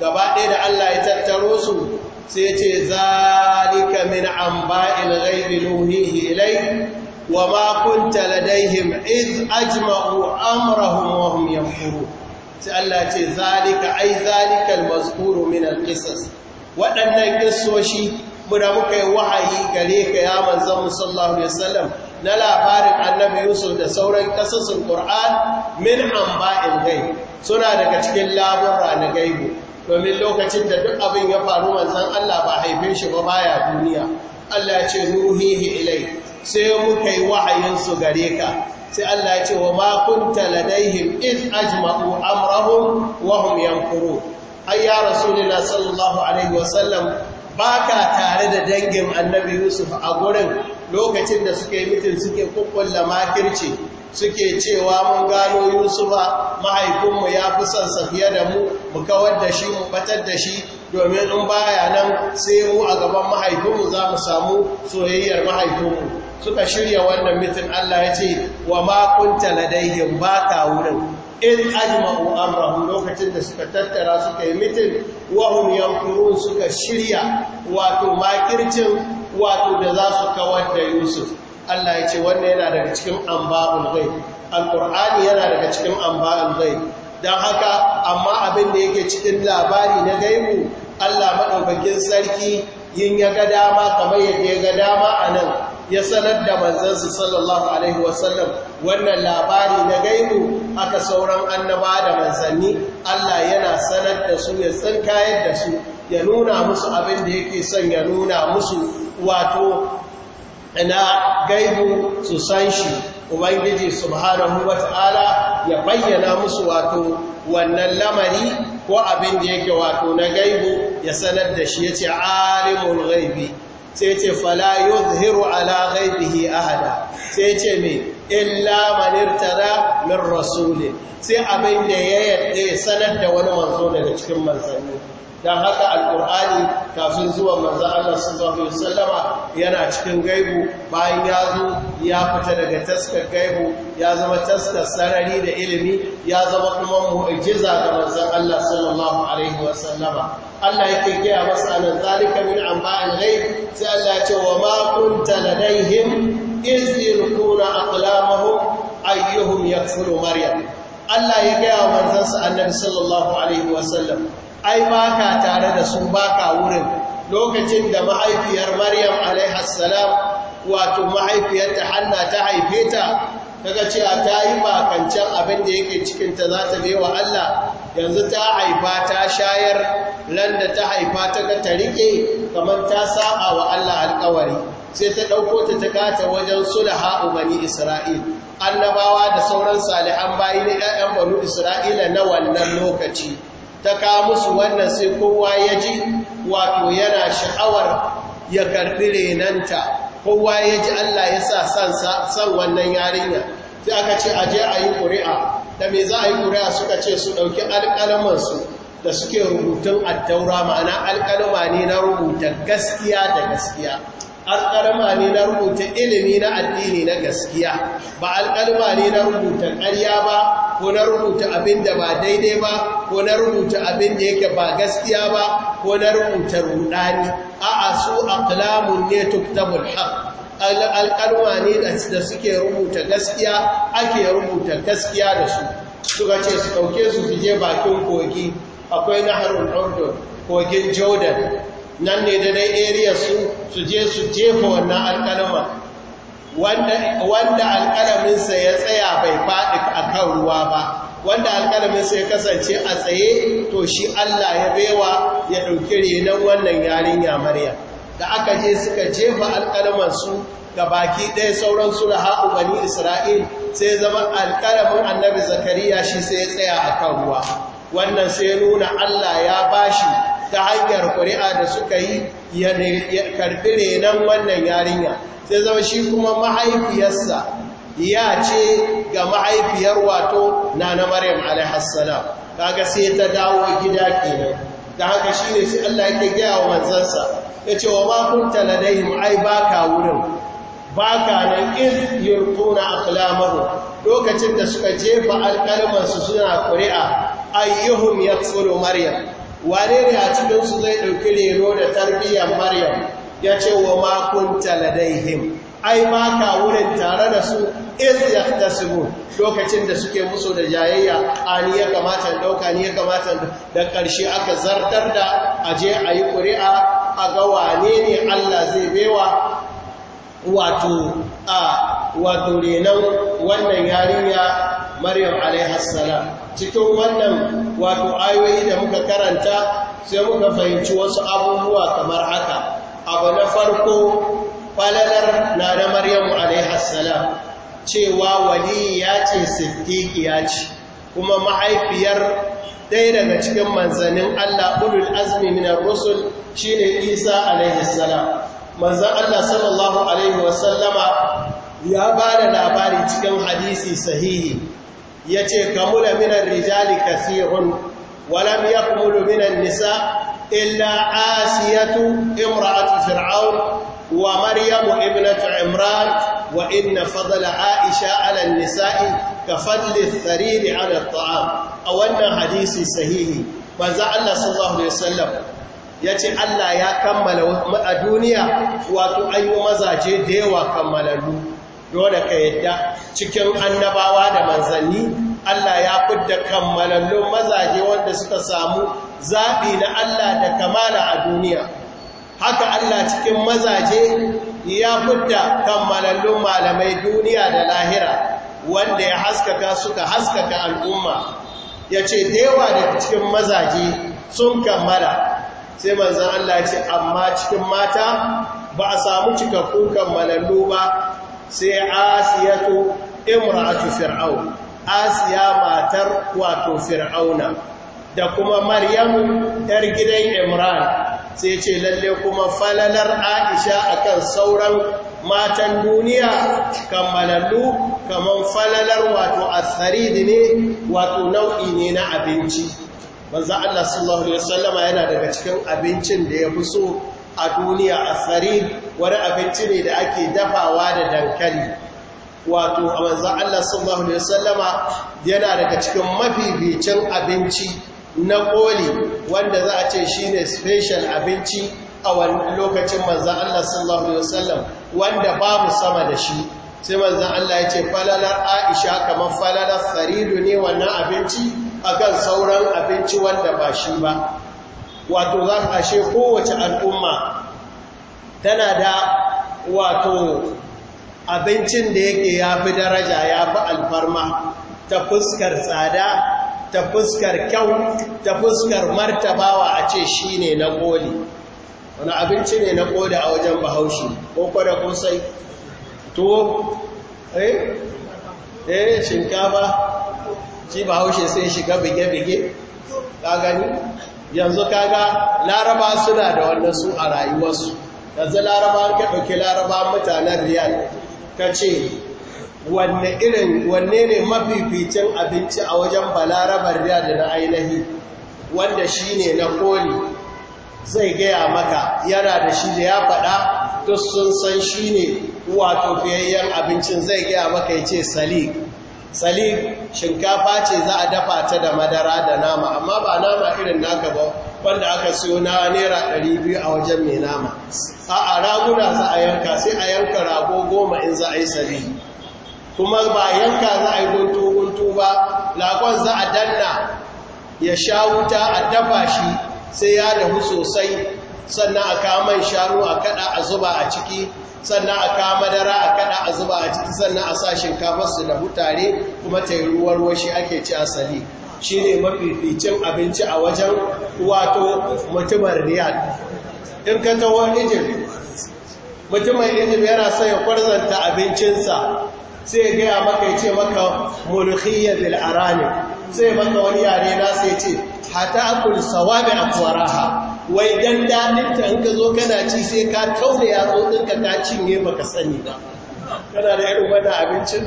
gaba ɗaya da Allah ya tattaro su sai ce zalika min an ba'il ghaibi nuhihi ilai wa ma kunta ladaihim iz ajma'u amrahum wa hum yamkuru sai Allah ce zalika ai zalika almazkuru min Waɗannan wadannan kissoshi muka yi wahayi gare ka ya manzon sallallahu na labarin annabi yusuf da sauran kasasun qur'an min amba'il ghaib suna daga cikin labura na gaibu domin lokacin da duk abin ya faru manzon Allah ba haife shi ba baya duniya Allah ya ce ruhihi ilai sai muka yi wahayinsu gare ka sai Allah ya ce wa ma kunta ladaihim iz ajma'u amrahum wa hum yankuru ay ya rasulullahi sallallahu alaihi wa sallam baka tare da dangin annabi yusuf a gurin lokacin da suke mitin suke kukkulla makirci suke cewa mun gano yusufa mahaifinmu ya fi son safiya da mu mu kawar da shi mu batar da shi domin in baya nan sai mu a gaban mahaifinmu za mu samu soyayyar mahaifinmu suka shirya wannan mitin Allah ya ce wa ma kunta ladayhim ba ta wurin in ajma'u amrahum lokacin da suka tattara suka yi mitin wa hum yamkurun suka shirya wato makircin wato da za su kawar da Yusuf Allah ya ce wannan yana daga cikin amba'ul ghaib alqur'ani yana daga cikin amba'ul ghaib dan haka amma abin da yake cikin labari na gaibu Allah madaukakin sarki yin ya ga dama kamar yadda ya ga dama anan ya sanar da manzansu, sallallahu alaihi wasallam wannan labari na gaibu aka sauran annaba da manzanni Allah yana sanar da su ya tsinkayar da su ya nuna musu abin da yake son ya nuna musu wato na gaibu su san shi ubangiji subhanahu wata'ala ya bayyana musu wato wannan lamari ko abin da yake wato na gaibu ya sanar da shi ya ce alimul gaibi sai ce fala yuzhiru ala ghaibihi ahada sai ce me illa man irtada min rasuli sai abin da ya yadda sanar da wani manzo daga cikin manzanni don haka alkur'ani kafin zuwa manzan Allah sallallahu Alaihi sallama yana cikin gaibu bayan ya zo ya fita daga taskar gaibu ya zama taskar sarari da ilimi ya zama kuma mu'ajiza ga manzan Allah sallallahu Alaihi wasallama Allah yake gaya masa anan zalika min amba'il rai sai Allah ce wa ma kunta ladaihim iz yulquna aqlamahum ya yakfulu maryam Allah ya gaya wa manzansa annabi sallallahu alaihi wasallam ai ba ka tare da su ba ka wurin lokacin da mahaifiyar maryam alaihassalam wato mahaifiyarta hanna ta haife ta kaga cewa ta yi makancan abin da yake cikinta za ta bewa Allah yanzu ta haifa ta shayar landa ta haifa ta ga ta riƙe kamar ta saba wa Allah alkawari sai ta ɗauko ta ta kata wajen sulaha ubani Isra'il annabawa da sauran salihan bayi na 'ya'yan banu Isra'ila na wannan lokaci ta kawo musu wannan sai kowa ya ji wato yana sha'awar ya karɓi renanta kowa ya ji Allah ya sa san wannan yarinya sai aka ce a je a yi ƙuri'a da me za a yi ƙuri'a suka ce su ɗauki alƙalamansu da suke rubutun addaura ma'ana alƙalama ne na rubuta gaskiya da gaskiya alƙalma ne na rubuta ilimi na addini na gaskiya ba alƙalma ne na rubuta ƙarya ba ko na rubuta abin da ba daidai ba ko na rubuta abin da yake ba gaskiya ba ko na rubuta rudani a'a su aklamun ne tuktabul haqq alƙalma ne da suke rubuta gaskiya ake rubuta gaskiya da su suka ce su ɗauke su fije bakin kogi akwai naharun ɗaukar kogin jordan nan ne dai area su su je su jefa wannan alƙalama wanda alƙalaminsa ya tsaya bai faɗi a kan ruwa ba wanda alƙalaminsa ya kasance a tsaye to shi Allah ya baiwa ya ɗauki renon wannan yarinya Maryam da aka je suka jefa su ga baki ɗaya sauran su da bani Isra'il sai zama alƙalamin annabi Zakariya shi sai ya tsaya a kan ruwa wannan sai nuna Allah ya bashi ta hanyar ƙuri'a da suka yi ya karɓi renon wannan yarinya sai zama shi kuma mahaifiyarsa ya ce ga mahaifiyar wato na na maryam alaihassalam kaga sai ta dawo gida kenan ta haka shi ne sai Allah yake gaya wa manzansa ya ce wa makunta ladaihim ai ba ka wurin ba ka nan iz a aklamahu lokacin da suka jefa alkalmarsu suna ƙuri'a ya tsoro maryam wane ne a cikinsu zai ɗauki reno da tarbiyyar maryam ya ce wa taladai him? ai ma ka wurin tare da su iz yahtasibu lokacin da suke musu da jayayya ni ya kamata dauka ni ya kamata da ƙarshe aka zartar da a je a yi ƙuri'a a ga wane ne Allah zai baiwa wato a wato renan wannan yarinya maryam alaihassalam cikin wannan wato ayoyi da muka karanta sai muka fahimci wasu abubuwa kamar haka abu na farko falalar na da Maryam alaihassalam cewa wali ya ce siddiqi ce kuma mahaifiyar dai daga cikin manzanin Allah ulul azmi minar rusul shine Isa alaihissalam manzan Allah sallallahu alaihi wasallama ya ba da labari cikin hadisi sahihi ya ce kamula minan rijali kasirun walam ya kumulu minan nisa illa asiyatu imratu fir'aun wa maryamu ibnatu imran wa inna fadla aisha ala nisa'i ka fadli thariri ala ta'am a wannan hadisi sahihi manzo Allah sallallahu alaihi wasallam yace Allah ya kammala a duniya wato ayyu mazaje da yawa kammalalu. dole ka yadda cikin annabawa da manzanni Allah ya fidda kammalallun mazaje wanda suka samu zaɓi na Allah da kamala a duniya haka Allah cikin mazaje ya fidda kammalallun malamai duniya da lahira wanda ya haskaka suka haskaka al'umma ya ce yawa daga cikin mazaje sun kammala sai manzan Allah ce amma cikin mata ba a samu cikakkun kammalallu ba sai asiyatu imratu Fir'au, asiya matar wato fir'auna da kuma maryam yar gidan imran sai ce lalle kuma falalar aisha akan sauran matan duniya kammalallu kaman falalar wato asarid ne wato nau'i ne na abinci manzo Allah sallallahu alaihi wasallama yana daga cikin abincin da ya fi so a duniya a sarir wani abinci ne da ake dafawa da dankali wato a manzan Allah sallallahu Alaihi wasallama yana daga cikin mafificin abinci na koli wanda za a ce shi ne special abinci a wani lokacin manzan Allah sallallahu Alaihi wasallam wanda ba mu sama da shi sai manzan Allah ya ce falalar aisha kamar falalar sariru ne wannan abinci a kan sauran abinci wanda ba shi ba wato za ashe kowace al'umma tana da wato abincin da yake ya fi daraja ya fi alfarma ta fuskar tsada ta fuskar kyau ta fuskar martabawa a ce shi ne na koli wani abinci ne na koda a wajen bahaushe ko kwada kusai tuwo eh eh shinkafa ci bahaushe sai shiga bige-bige ka gani yanzu kaga laraba suna da wannan su a rayuwarsu yanzu laraba ka ɗauki laraba mutanen riyal ka ce wanne irin wanne ne mafificin abinci a wajen balarabar riyal da na ainihi wanda shi ne na koli zai gaya maka yana da shi da ya faɗa duk sun san shi ne wato fiyayyen abincin zai gaya maka ya ce salik salib shinkafa ce za a dafa ta da madara da nama amma ba nama irin naka ba wanda aka siyo na naira 200 a wajen mai nama a a raguna za a yanka sai a yanka rago goma in za a yi salib kuma ba yanka za a yi guntu-guntu ba lagon za a danna ya sha wuta a dafa shi sai ya dahu sosai sannan a kaman sharu shanu a kada a zuba a ciki sannan a kama madara a kada a zuba a ciki sannan a sa shinkafarsu da hutare kuma ta yi ruwan washe ake ci asali shi ne mafificin abinci a wajen wato mutumar riyad in ka taho ijin mutumar ijin yana son ya kwarzanta abincinsa sai ya gaya maka ya ce maka mulkiyyar bil'arani sai maka wani yare nasa sai ce hata akul sawabi akwaraha wai dan daɗinta in ka zo kana ci sai ka taune yatsu ɗinka ka cinye baka sani ba kana da irin abincin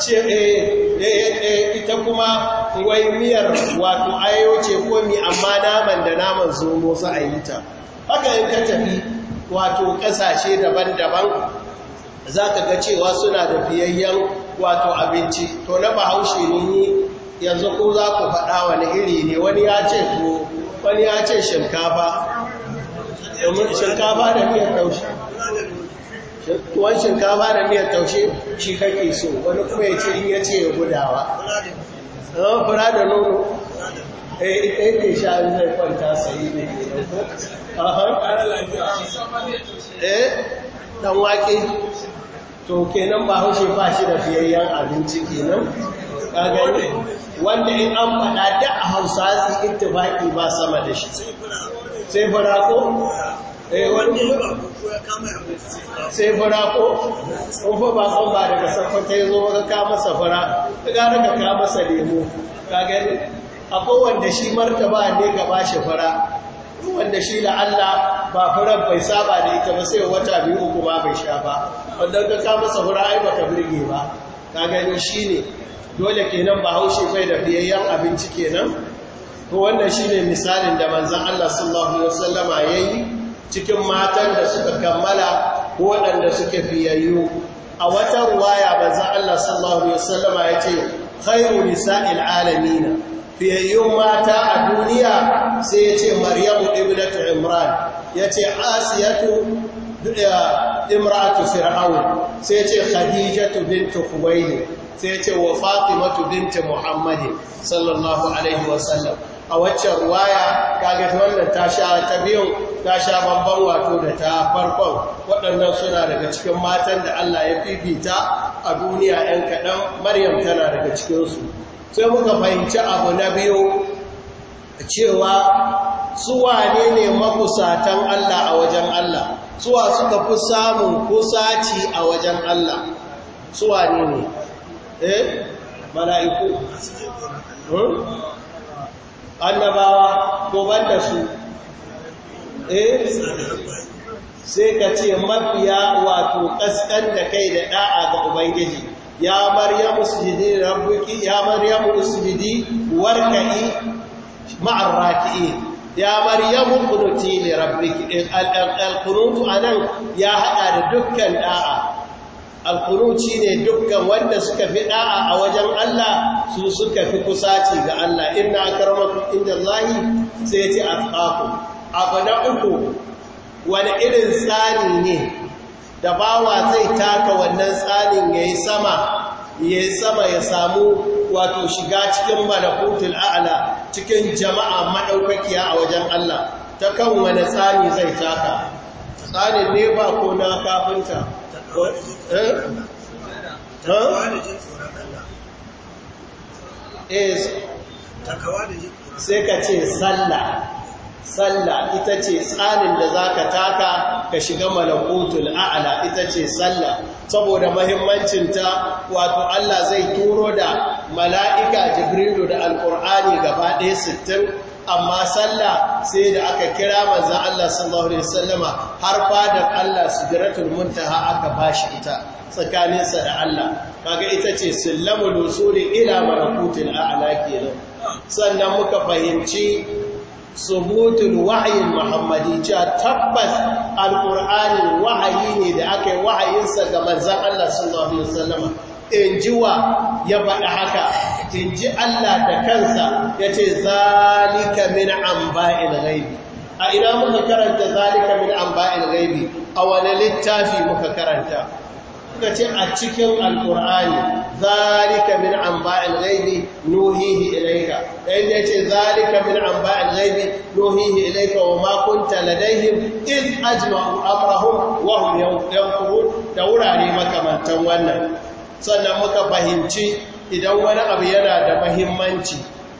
ce eh, eh, eh, ita kuma wai miyar wato ayo ce ko mi amma naman da naman zomo za a yi ta haka in ka tafi wato ƙasashe daban-daban za ka ga cewa suna da fiyayyen wato abinci to na bahaushe ne yanzu ko za ku faɗa wani iri ne wani ya ce ko wani ya ce shinkafa shinkafa da miyar taushe tuwon shinkafa da miyar taushe shi kake so wani kuma ya ce ya ce gudawa zama fura da nono eh ita sha zai kwanta sayi ne eh dan wake to kenan ba haushe ba shi da fiyayyen abinci kenan kagani wanda in an faɗa da a hausa su baƙi ba sama da shi sai fara ko eh sai fara ko ko fa ba kon ba daga sakwata ta yi ka masa fara ka ga daga ka masa lemo ka gani akwai wanda shi martaba ne ka shi fara wanda shi la'alla ba furar bai saba da ita ba sai wata biyu uku ba bai sha ba wadda ka kama safara ai ba baka birge ba ka gani ne. dole kenan ba haushe bai da biyayyen abinci kenan to wannan shine misalin da manzon Allah sallallahu alaihi wasallama yayi cikin matan da suka kammala ko waɗanda suke fiyayyu a wata ruwaya manzon Allah sallallahu alaihi wasallama yace khairu nisa'il alamin fiyayyun mata a duniya sai yace maryamu ibnatu imran yace asiyatu eh, imra'atu fir'aun sai yace khadijatu bintu khuwaylid sai ce wa fatimatu binta muhammadi sallallahu alaihi wasallam a waccan ruwaya kaga wannan ta sha ta biyu ta sha babban wato da ta farkon waɗannan suna daga cikin matan da Allah ya fifita a duniya ɗan kaɗan maryam tana daga cikinsu sai muka fahimci abu na biyu cewa suwa ne ne makusatan Allah a wajen Allah suwa suka fi samun kusaci a wajen Allah suwa ne ne eh mala'iku hmm? annabawa ban banda su eh sai ka ce mafiya wato kaskan da kai da da'a ga ubangiji ya maryamu sujidi rabbuki ya maryamu sujidi warka'i ma'ar raki'in ya maryamu qunuti li rabbiki al a anan ya hada da dukkan da'a alkuruci ne dukkan wanda suka fi ɗa'a a wajen Allah su suka fi kusaci ga Allah inna akramakum indallahi sai yace atqakum abu na uku wani irin tsani ne da bawa zai taka wannan tsanin yayi sama yayi sama ya samu wato shiga cikin malakutul a'la cikin jama'a madaukakiya a wajen Allah ta kan wani tsani zai taka tsarin ne ba ko na kafinta sai ka ce sallah sallah ita ce tsanin da za ka taka ka shiga malakutul a'ala ita ce sallah saboda mahimmancinta wato Allah zai turo da mala'ika jibrilu da alkur'ani gaba ɗaya sittin. amma sallah sai da aka kira manzan Allah sallallahu Alaihi wasallama har fadar Allah sidratul muntaha aka bashi ita tsakaninsa da Allah kaga ita ce sallamul usuli ila malakutil ke nan. sannan muka fahimci subutun wahayin muhammadi cewa tabbas alqur'anin wahayi ne da aka yi wahayinsa ga manzan Allah sallallahu Alaihi wasallama in ya faɗa haka in ji Allah da kansa ya ce zalika min amba'il ghaibi a ina muka karanta zalika min amba'il ghaibi a wani littafi muka karanta suka ce a cikin alkur'ani zalika min amba'il ghaibi nuhihi ilayka dan yace zalika min amba'il ghaibi nuhihi ilaika wa ma kunta ladaihim id ajma'u amrahum wa da wurare makamantan wannan sannan muka fahimci idan wani abu yana da mahimmanci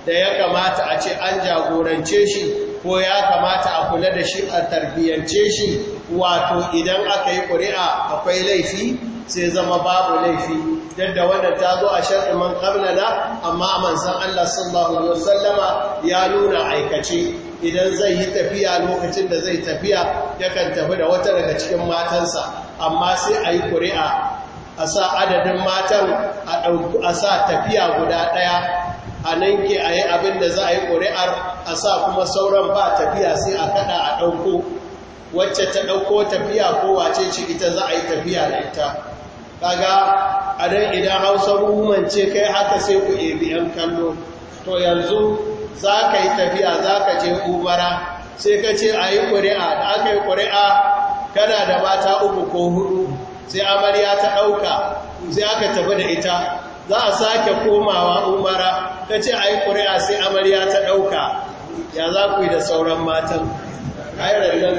da ya kamata a ce an jagorance shi ko ya kamata a kula da shi a tarbiyyance shi wato idan aka yi ƙuri'a akwai laifi sai zama babu laifi yadda wannan ta zo a sharɗin man na amma manzan Allah sallallahu Alaihi wasallama ya nuna aikace idan zai yi tafiya lokacin da zai tafiya yakan tafi da wata daga cikin matansa amma sai a yi ƙuri'a a sa adadin matan a ɗauku a sa tafiya guda ɗaya a nan ke a yi abin da za a yi ƙuri'ar a sa kuma sauran ba tafiya sai a kaɗa a ɗauko wacce ta ɗauko tafiya ko wace ce ita za a yi tafiya da ita kaga a nan idan hausa ruhuman ce kai haka sai ku ebi ‘yan kallo to yanzu za ka yi tafiya za ka je umara sai ka ce a yi ƙuri'a da aka yi ƙuri'a kana da mata uku ko hudu sai amarya ta ɗauka sai aka tafi da ita za a sake komawa umara ta ce a yi ƙuri'a sai amarya ta ɗauka ya za ku yi da sauran matan ƙairar nan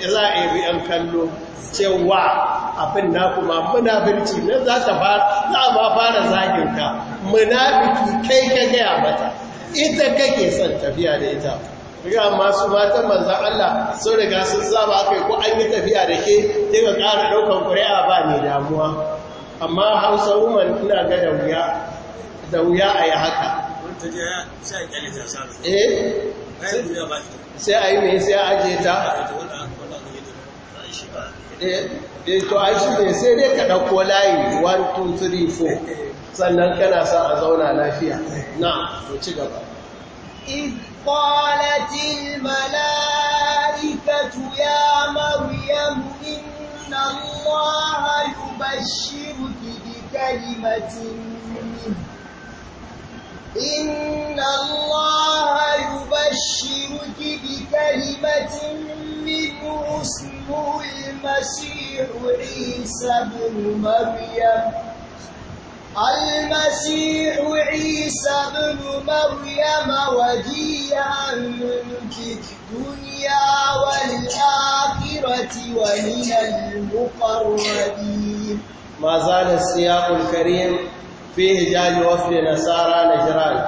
za a yi yan kallo cewa abin na kuma munafirci nan za ta ma fara zaginka munafiki kai ka gaya mata ita kake son tafiya da ita riga masu matan manzan Allah sun riga sun saba kai ko an yi tafiya da ke sai ka ƙara ɗaukan ƙuri'a ba mai damuwa amma hausa woman ina ga da wuya da wuya a yi haka eh? sai a yi mai sai a ajiye ta eh, eh to a shi ne sai dai ka ɗauko layi 1 2 3 4 sannan kana sa a zauna lafiya na ci gaba eh, قالت الملائكة يا مريم إن الله يبشرك بكلمة منه إن الله يبشرك بكلمة منه اسمه المسيح عيسى بن مريم المسيح عيسى بن مريم وجيها في الدنيا والآخرة ومن المقربين ما زال السياق الكريم في هجاج وفد نصارى نجران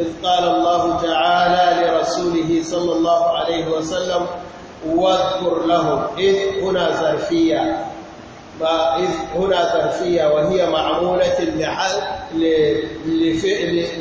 إذ قال الله تعالى لرسوله صلى الله عليه وسلم واذكر لهم إذ هنا ظرفية هنا ظرفية وهي معمولة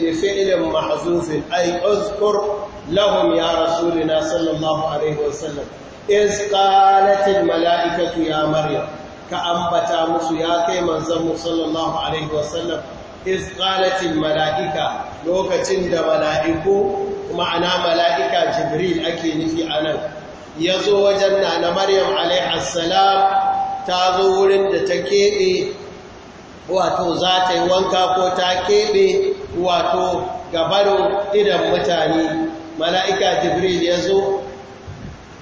لفعل محذوف أي اذكر لهم يا رسولنا صلى الله عليه وسلم إذ قالت الملائكة يا مريم كأنبتا مسياك من زم صلى الله عليه وسلم إذ قالت الملائكة لوكتن دا ملائكو معنى ملائكة جبريل أكي نفي عنه يزو وجنا مريم عليه السلام ta zo wurin da ta keɓe wato za ta yi wanka ko ta keɓe wato gabarin idan mutane mala'ika jibril ya zo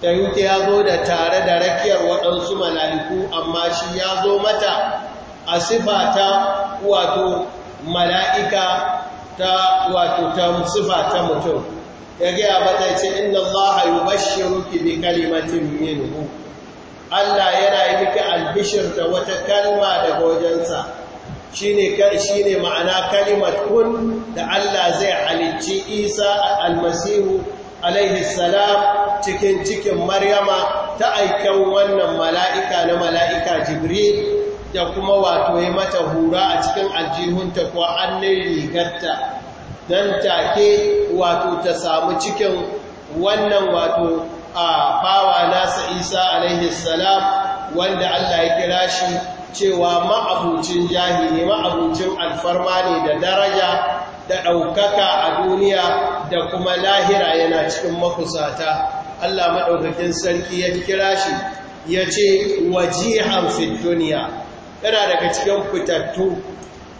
ta yi ya zo da tare da rakiyar waɗansu mala'iku amma shi ya zo mata a sifa ta, wato mala'ika ta wato ta sifa ta mutum ya gaya bata ce yi bashi ruki bi kalimatin hu. Allah yana yi miki albishir da wata kalma daga wajensa shine ne ma'ana kalimat kun da Allah zai halicci Isa almasihu alaihi salam cikin cikin Maryama ta aikin wannan mala'ika na mala'ika Jibril da kuma wato ya mata hura a cikin aljihunta ko annin rigarta dan take wato ta samu cikin wannan wato A bawa nasa isa alaihi salam wanda Allah ya kira shi cewa ma'abucin jahi ne ma'abucin alfarma ne da daraja da ɗaukaka a duniya da kuma lahira yana cikin makusata Allah maɗaukakin sarki ya kira shi ya ce wajihan fit duniya yana daga cikin fitattu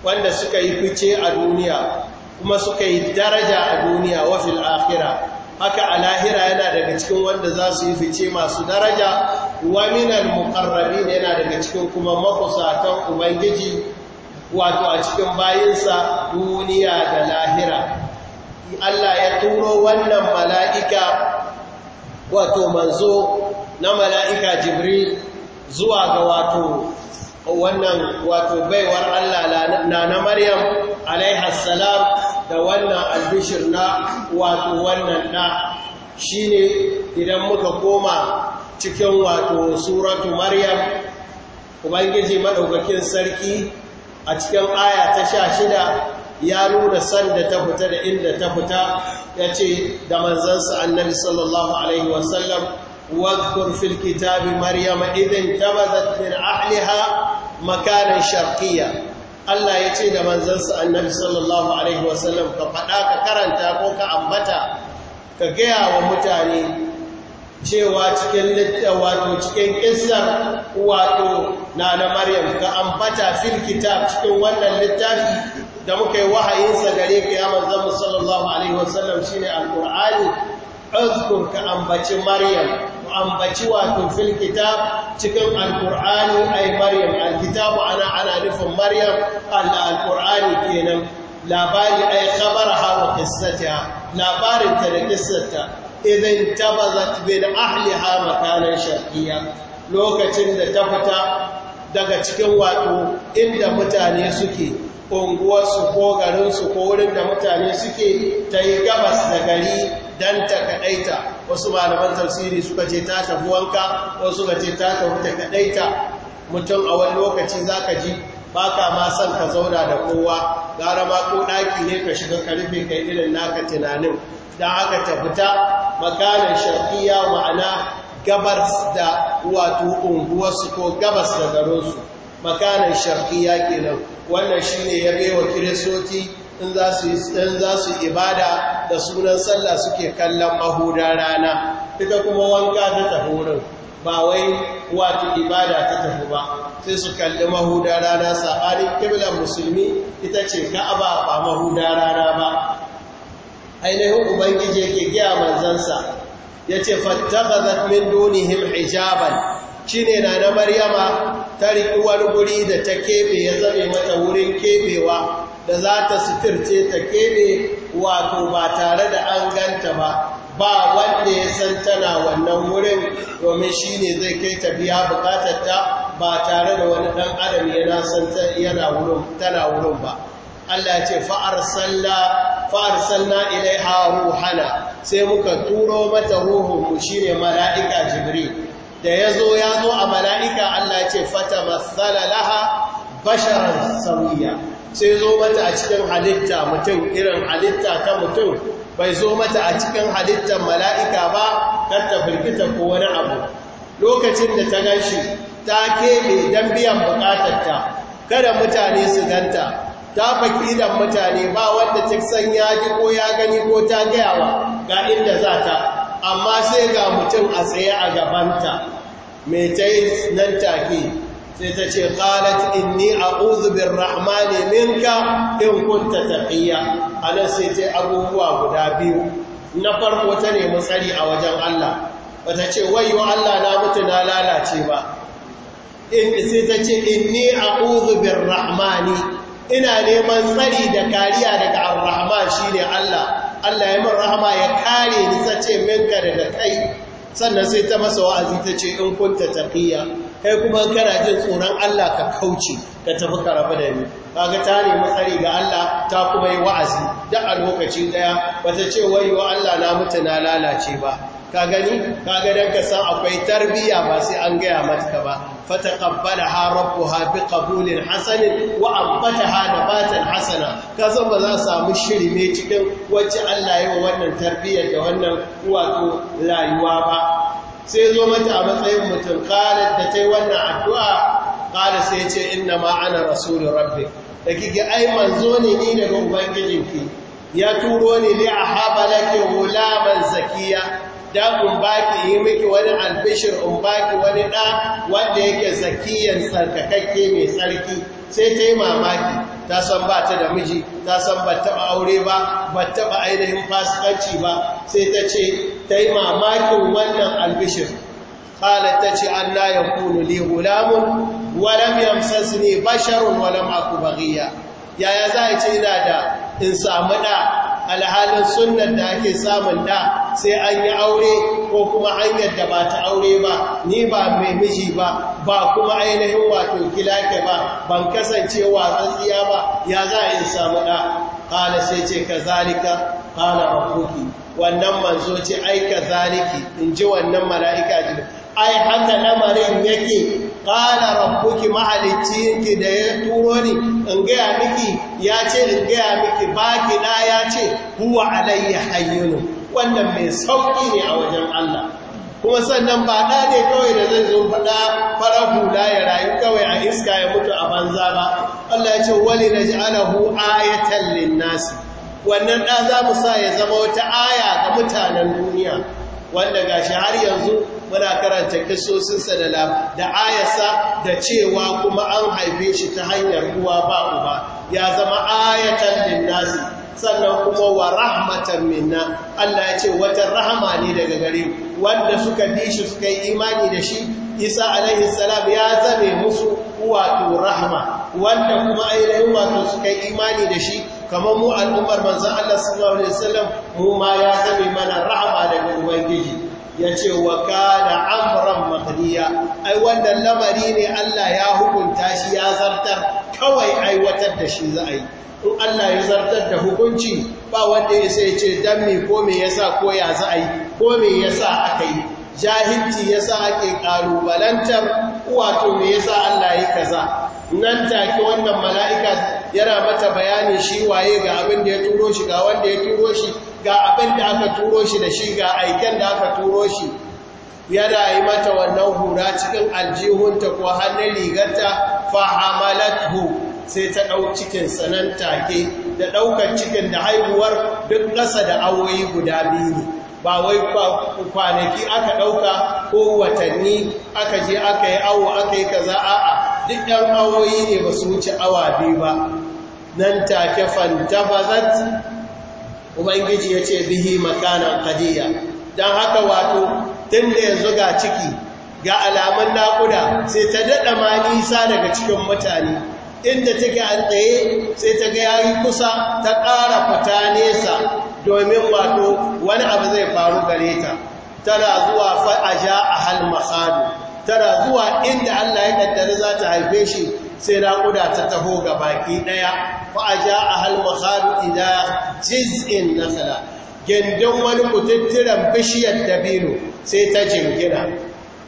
wanda suka yi fice a duniya kuma suka yi daraja a duniya wafil akhira haka a lahira cikin wanda za su yi fice masu daraja waminan mukarrabi yana daga cikin kuma makusatan ubangiji wato a cikin bayinsa duniya da lahira Allah ya turo wannan mala'ika wato manzo na mala'ika jibril zuwa ga wato wannan wato baiwar Allah na na Maryam alaihassalam da wannan albishir na wato wannan na shine idan muka koma cikin wato suratu maryam ubangiji maɗaukakin sarki a cikin aya ta sha shida ya nuna sanda ta fita da inda ta fita ya ce da manzansa annabi sallallahu alaihi wasallam واذكر في الكتاب مريم idan انتبذت من أهلها مكانا شرقيا Allah ya ce da manzansa annabi sallallahu Alaihi wasallam ka faɗa ka karanta ko ka ambata ka gaya wa mutane cewa cikin wato cikin kissar wato na na maryam ka ambata fil kitab cikin wannan littafi da muka yi wahayinsa gare ka ya manzon sallallahu alaihi wasallam shine alqur'ani azkur ka ambaci maryam ku ambaci wato fil kitab cikin alqur'ani yi maryam alkitabu ana ana nufin maryam alqur'ani kenan labari ay khabaraha wa qissataha labarinta da kisarta idan da ahli har kanan shafiya. lokacin da ta fita daga cikin wato inda mutane suke unguwarsu ko garinsu ko wurin da mutane suke ta yi gabas da gari don ta kaɗaita wasu malaman tafsiri suka ce ta tafi wanka wasu ka ce ta tafi ta kaɗaita mutum a wani lokaci za ka ji ba ka ma son ka zauna da kowa gara ma ko ɗaki ne ka shiga karfe kai irin naka tunanin don haka ta fita makanin shafiya ma'ana gabas da wato unguwarsu ko gabas da garinsu makanin shafiya kenan wannan shi ne ya bewa kiristoci in za su ibada da sunan sallah suke kallon mahudan rana ita kuma wanka ta tafi wurin ba wai wato ibada ta tafi ba sai su kalli mahuda rana sa'ari ƙiblar musulmi ita ce ka'aba ba mahuda rana ba ainihin ubangiji ke giya manzansa ya ce fattakazat min dunihim hijaban shi ne na na maryama ta rikuwar guri da ta keɓe ya zame mata wurin keɓewa da za ta sitirce ta keɓe wato ba tare da an ganta ba ba wanda ya san tana wannan wurin domin shi ne zai kai ta biya bukatarta ba tare da wani ɗan adam yana san tana wurin ba Allah ce ilai haru ruhana sai muka turo mata ruhunmu shi ne mala'ika jibri da ya zo ya zo a mala'ika Allah ce fata matsala laha bashar sauya sai zo mata a cikin halitta mutum irin halitta ta mutum bai zo mata a cikin halittar mala'ika ba kar ta firgita ko wani abu lokacin da ta gan ta keɓe don biyan buƙatarta kada mutane su ganta ta faƙi idan mutane ba wanda ta san ya ji ko ya gani ko ta gayawa ga inda za ta amma sai ga mutum a tsaye a gabanta mai ta yi nan take sai ta ce qalat inni ƙuzubin rahmani minka in kunta a anan sai ta abubuwa guda biyu na farko ta nemi tsari a wajen Allah Ba ta ce wayo Allah na mutu na lalace ba in sai ta ce inni ƙuzubin rahmani ina neman tsari da kariya daga shi ne Allah Allah ya min rahama ya kare ni sace minka da kai sannan sai ta masa wa'azi ta ce in kunta tafiya. kai kuma kana jin tsoron Allah ka kauce ka tafi ka da ni kaga ta nemi tsari ga Allah ta kuma yi wa'azi da a lokaci daya bata ce wai wa Allah na mutu na lalace ba ka gani ka ga dan ka san akwai tarbiya ba sai an gaya mata ba Fa fataqabbalaha rabbuha qabulin hasan wa ambataha nabatan hasana ka san ba za samu shirme cikin wacce Allah ya wa wannan tarbiyar da wannan wato rayuwa ba sai zo mata a matsayin mutum qalat da yi wannan addu'a qala sai ce inna ma ana rabbi da kike ai manzo ne ni daga ubangijinki ya turo ni ne a hula man zakiya da umbaki yi miki wani albishir umbaki wani ɗan wanda yake zakiyan sarkakakke mai tsarki, sai ta yi mamaki ta san ba ta da miji ta san ba taɓa aure ba ba taɓa ainihin fasikanci ba sai ta ce ta yi mamakin wannan albishin. ƙalar ta ce an na yankunu li gulamun walam ne basharun walam akubariya yaya za a ce ina da in samu da alhalin sunan da ake samun da sai an yi aure ko kuma hanyar da ba ta aure ba ni ba mai miji ba ba kuma ainihin wato kilake ba ban kasance watsatsiya ba ya za a in samu da Hala sai ce ka zalika ƙala mafuki wannan manzo ce aika zaliki in ji wannan mala'ika jibril ai haka lamarin yake ƙala rabbuki mahaliccinki da ya turo ni in gaya miki ya ce in gaya miki baki na ya ce huwa alayya hayyunu wannan mai sauƙi ne a wajen Allah kuma sannan ba ɗa ne kawai da zai zo faɗa farar hula ya rayu kawai a iska ya mutu a banza ba Allah ya ce wali na ji ji'alahu tallin nasi. wannan ɗa za mu sa ya zama wata aya ga mutanen duniya wanda gashi har yanzu muna karanta kisosinsa da da ayasa da cewa kuma an haife shi ta hanyar uwa ba uba ya zama ayatan linnasi sannan kuma wa rahmatan minna Allah ya ce wata rahama ne daga gare wanda suka bi shi suka yi imani da shi Isa alaihi salam ya zame musu wato rahama wanda kuma ainihin wato suka yi imani da shi kamar mu al'ummar manzan Allah sallallahu alaihi wasallam mu ma ya zame mana rahama daga ya yace wa kana amran makariya. ai wanda lamari ne Allah ya hukunta shi ya zartar kawai aiwatar da shi za a yi in Allah ya zartar da hukunci ba wanda ya sai ce dan me ko me yasa koya ya za a yi ko me yasa aka yi jahilci yasa ake ƙalubalantar wato me yasa Allah ya kaza nan take wannan mala'ika yana mata bayani shi waye ga abin da ya turo shi ga wanda ya turo shi ga abin da aka turo shi da shi ga aiken da aka turo shi yana yi mata wannan hura cikin aljihunta ko hannun ligarta fahamalathu sai ta ɗau cikin sanan take da ɗaukar cikin da haihuwar duk ƙasa da awoyi guda biyu ne ba wai kwanaki aka ɗauka ko watanni aka je aka yi awo aka yi kaza a'a duk ɗan awoyi ne ba su wuce awa biyu ba nan take fantabazat ubangiji ya ce bihi makanan kadiya don haka wato tun da yanzu ga ciki ga alamun naƙuda sai ta daɗa ma nisa daga cikin mutane inda take an tsaye sai ta ga yayi kusa ta ƙara fata nesa domin wato wani abu zai faru gare ta tana zuwa fa'aja a hal masadu tana zuwa inda Allah ya kaddara za ta haife shi sai naƙuda ta taho ga baki ɗaya fa'aja a hal masadu idan jiz'in nasala Gendon wani kututturen bishiyar dabino sai ta jingina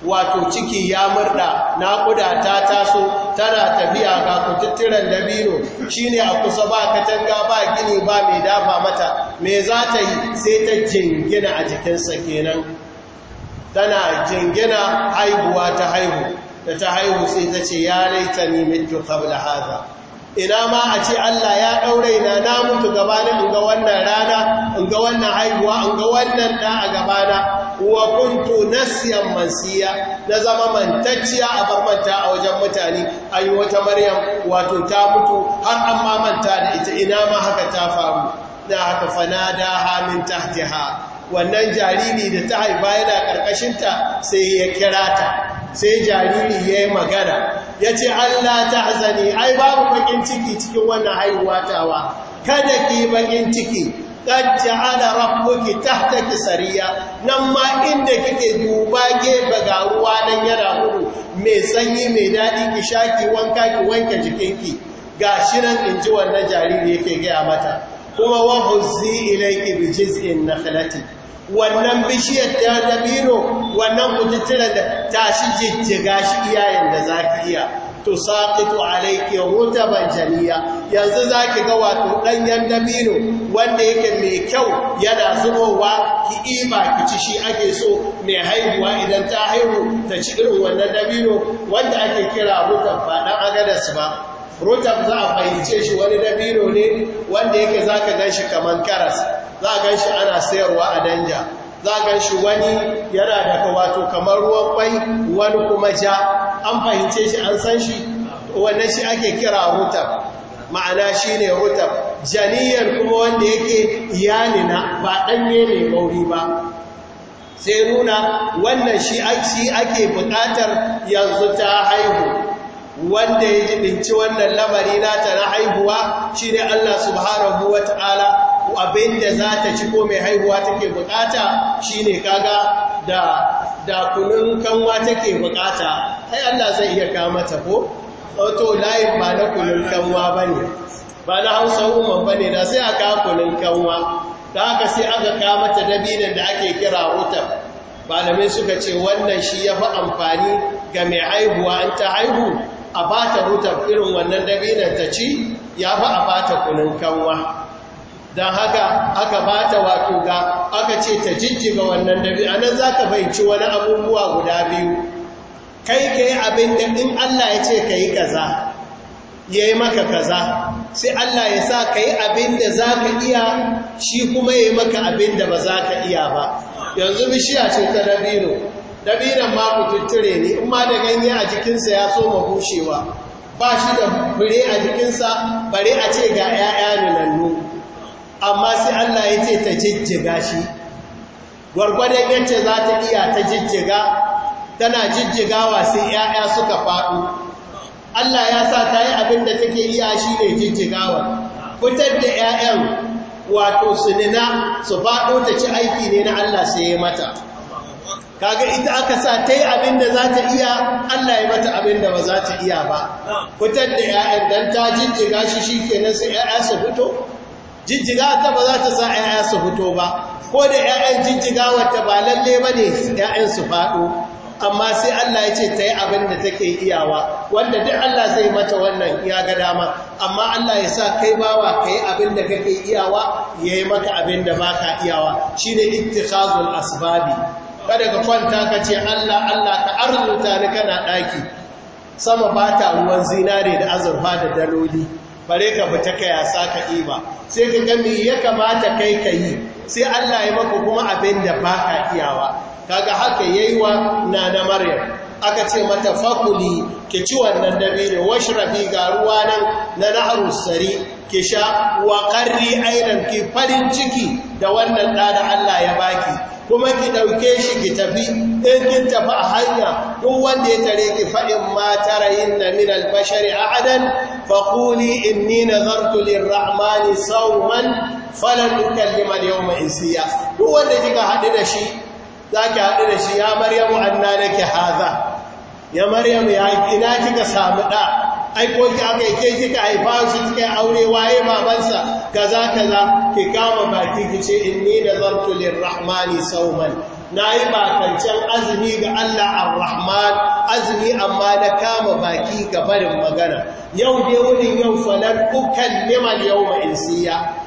wato ciki ya murda na kuda ta taso tana tafiya ga kututturen dabino shine a kusa ba katanga ba gini ba mai dafa mata mai za ta yi sai ta jingina a jikinsa kenan tana jingina haihuwa ta haihu da ta haihu sai ta ce ya laita ni mitu qabla haza ina ma a ce Allah ya ɗaure na na mutu gabanin ga wannan rana ga wannan haihuwa ga wannan da a gabana wa kuntu nasiyan mansiya na zama mantacciya a barmanta a wajen mutane ayi wata maryam wato ta mutu har an mamanta da ita ina ma haka ta faru na haka fanada min tahtiha wannan jariri da ta haifa yana ta sai ya kira ta sai jariri yayi magana Yace Allah ta hazani ai babu bakin ciki cikin wannan haihuwa tawa kada ki bakin ciki kan ja'ala rabbuki ki sariya nan ma inda kike duba gefe ga ruwa nan yana gudu mai sanyi mai daɗi ki ki wanka ki wanke jikinki shi nan inji wannan jariri yake gaya mata kuma wa huzzi ilayki bi na nakhlati wannan bishiyar ta dabino wannan kututturen da tashi jijjiga shi iyayen da za ki iya tusaqitu alayki rutaban jami'a. yanzu zaki ga wato danyen dabino wanda yake mai kyau yana zubowa ki ima ki ci shi ake so mai haihuwa idan ta haihu ta ci irin wannan dabino wanda ake kira rutab ba dan agadas ba rutab za a fahimce shi wani dabino ne wanda yake zaka ganshi kamar karas za a ganshi ana sayarwa a danja za a shi wani yana daga wato kamar ruwan kwai wani kuma ja an fahimce shi an san shi wannan shi ake kira rutab ma'ana shi ne rutab janiyar kuma wanda yake iyalina ba ɗanye ne mauri ba sai nuna wannan shi ake buƙatar yanzu ta haihu wanda ya jibinci wannan lamari ta na haihuwa shi ne Allah subhanahu wa ta'ala abinda za ta ci ko mai haihuwa take bukata ne kaga da da kunun kanwa take bukata ai Allah zai iya ka mata ko to layin ba na kunun kanwa bane ba na Hausa umma bane da sai aka kunun kanwa da aka sai aka ka mata dabinin da ake kira rutab malamai suka ce wannan shi ya fi amfani ga mai haihuwa an ta haihu a bata rutar irin wannan dabinin ta ci ya fi a bata kunun kanwa don haka aka ta wato ga aka ce ta jijjiga wannan dabi a nan za ka fahimci wani abubuwa guda biyu kai ka yi abin in Allah ya ce ka yi kaza ya yi maka kaza sai Allah ya sa ka yi abin za ka iya shi kuma ya yi maka abin da ba za ka iya ba yanzu bishiya ce ta dabino dabinon ma kututture ne in ma da ganye a jikinsa ya so bushewa ba shi da fure a jikinsa bare a ce ga 'ya'ya nunannu amma sai Allah ya ce ta jijjiga shi gwargwadon yace za ta iya ta jijjiga tana jijjigawa sai 'ya'ya suka faɗo Allah ya sa ta yi abin da take iya shi ne jijjigawa fitar da 'ya'yan wato su nina su faɗo ta ci aiki ne na Allah sai ya mata kaga ita aka sa ta yi abin da za ta iya Allah ya mata abin da ba za ta iya ba fitar da 'ya'yan dan ta jijjiga shi shi kenan sai 'ya'ya su fito jijjiga ta ba za ta sa 'ya'ya su fito ba ko da 'ya'yan jijjiga wata ba lalle ba ne 'ya'yan su faɗo amma sai Allah ya ce ta yi abin da take iyawa wanda duk Allah zai mata wannan ya ga dama amma Allah ya sa kai bawa ka yi abin da kake iyawa ya yi maka abin da ba ka iyawa shi ne ittikazul asbabi kada ka kwanta ka ce Allah Allah ka arzuta ni kana ɗaki sama ba ta ruwan zinare da azurfa da daloli bare ka fita ka yasa ka ɗiba sai ka ga ya kamata kai ka yi sai Allah ya maka kuma abin da ba ka iyawa kaga haka yayi wa na Maryam aka ce mata fakuli ki ci wannan da washrabi ga ruwa nan na nahrus sari ki sha wa qarri ki farin ciki da wannan ɗada Allah ya baki kuma ki ɗauke shi ki tafi in kin tafi a hanya duk wanda ya tare ki fadin ma tarayinna min al-bashari ahadan faquli inni nazartu lir-rahmani sawman falan ukallima al-yawma insiya duk wanda kika hadu da shi zaki haɗu da shi ya maryamu anna laki haza. ya maryam ya ina kika samu da ai ko ki aka yake kika haifa shi kika aure waye babansa kaza kaza ki kama baki ki ce inni nazartu lirrahmani sawman nayi kancan azumi ga Allah arrahman azumi amma na kama baki ga barin magana yau dai wurin yau falan ukallima yawma insiya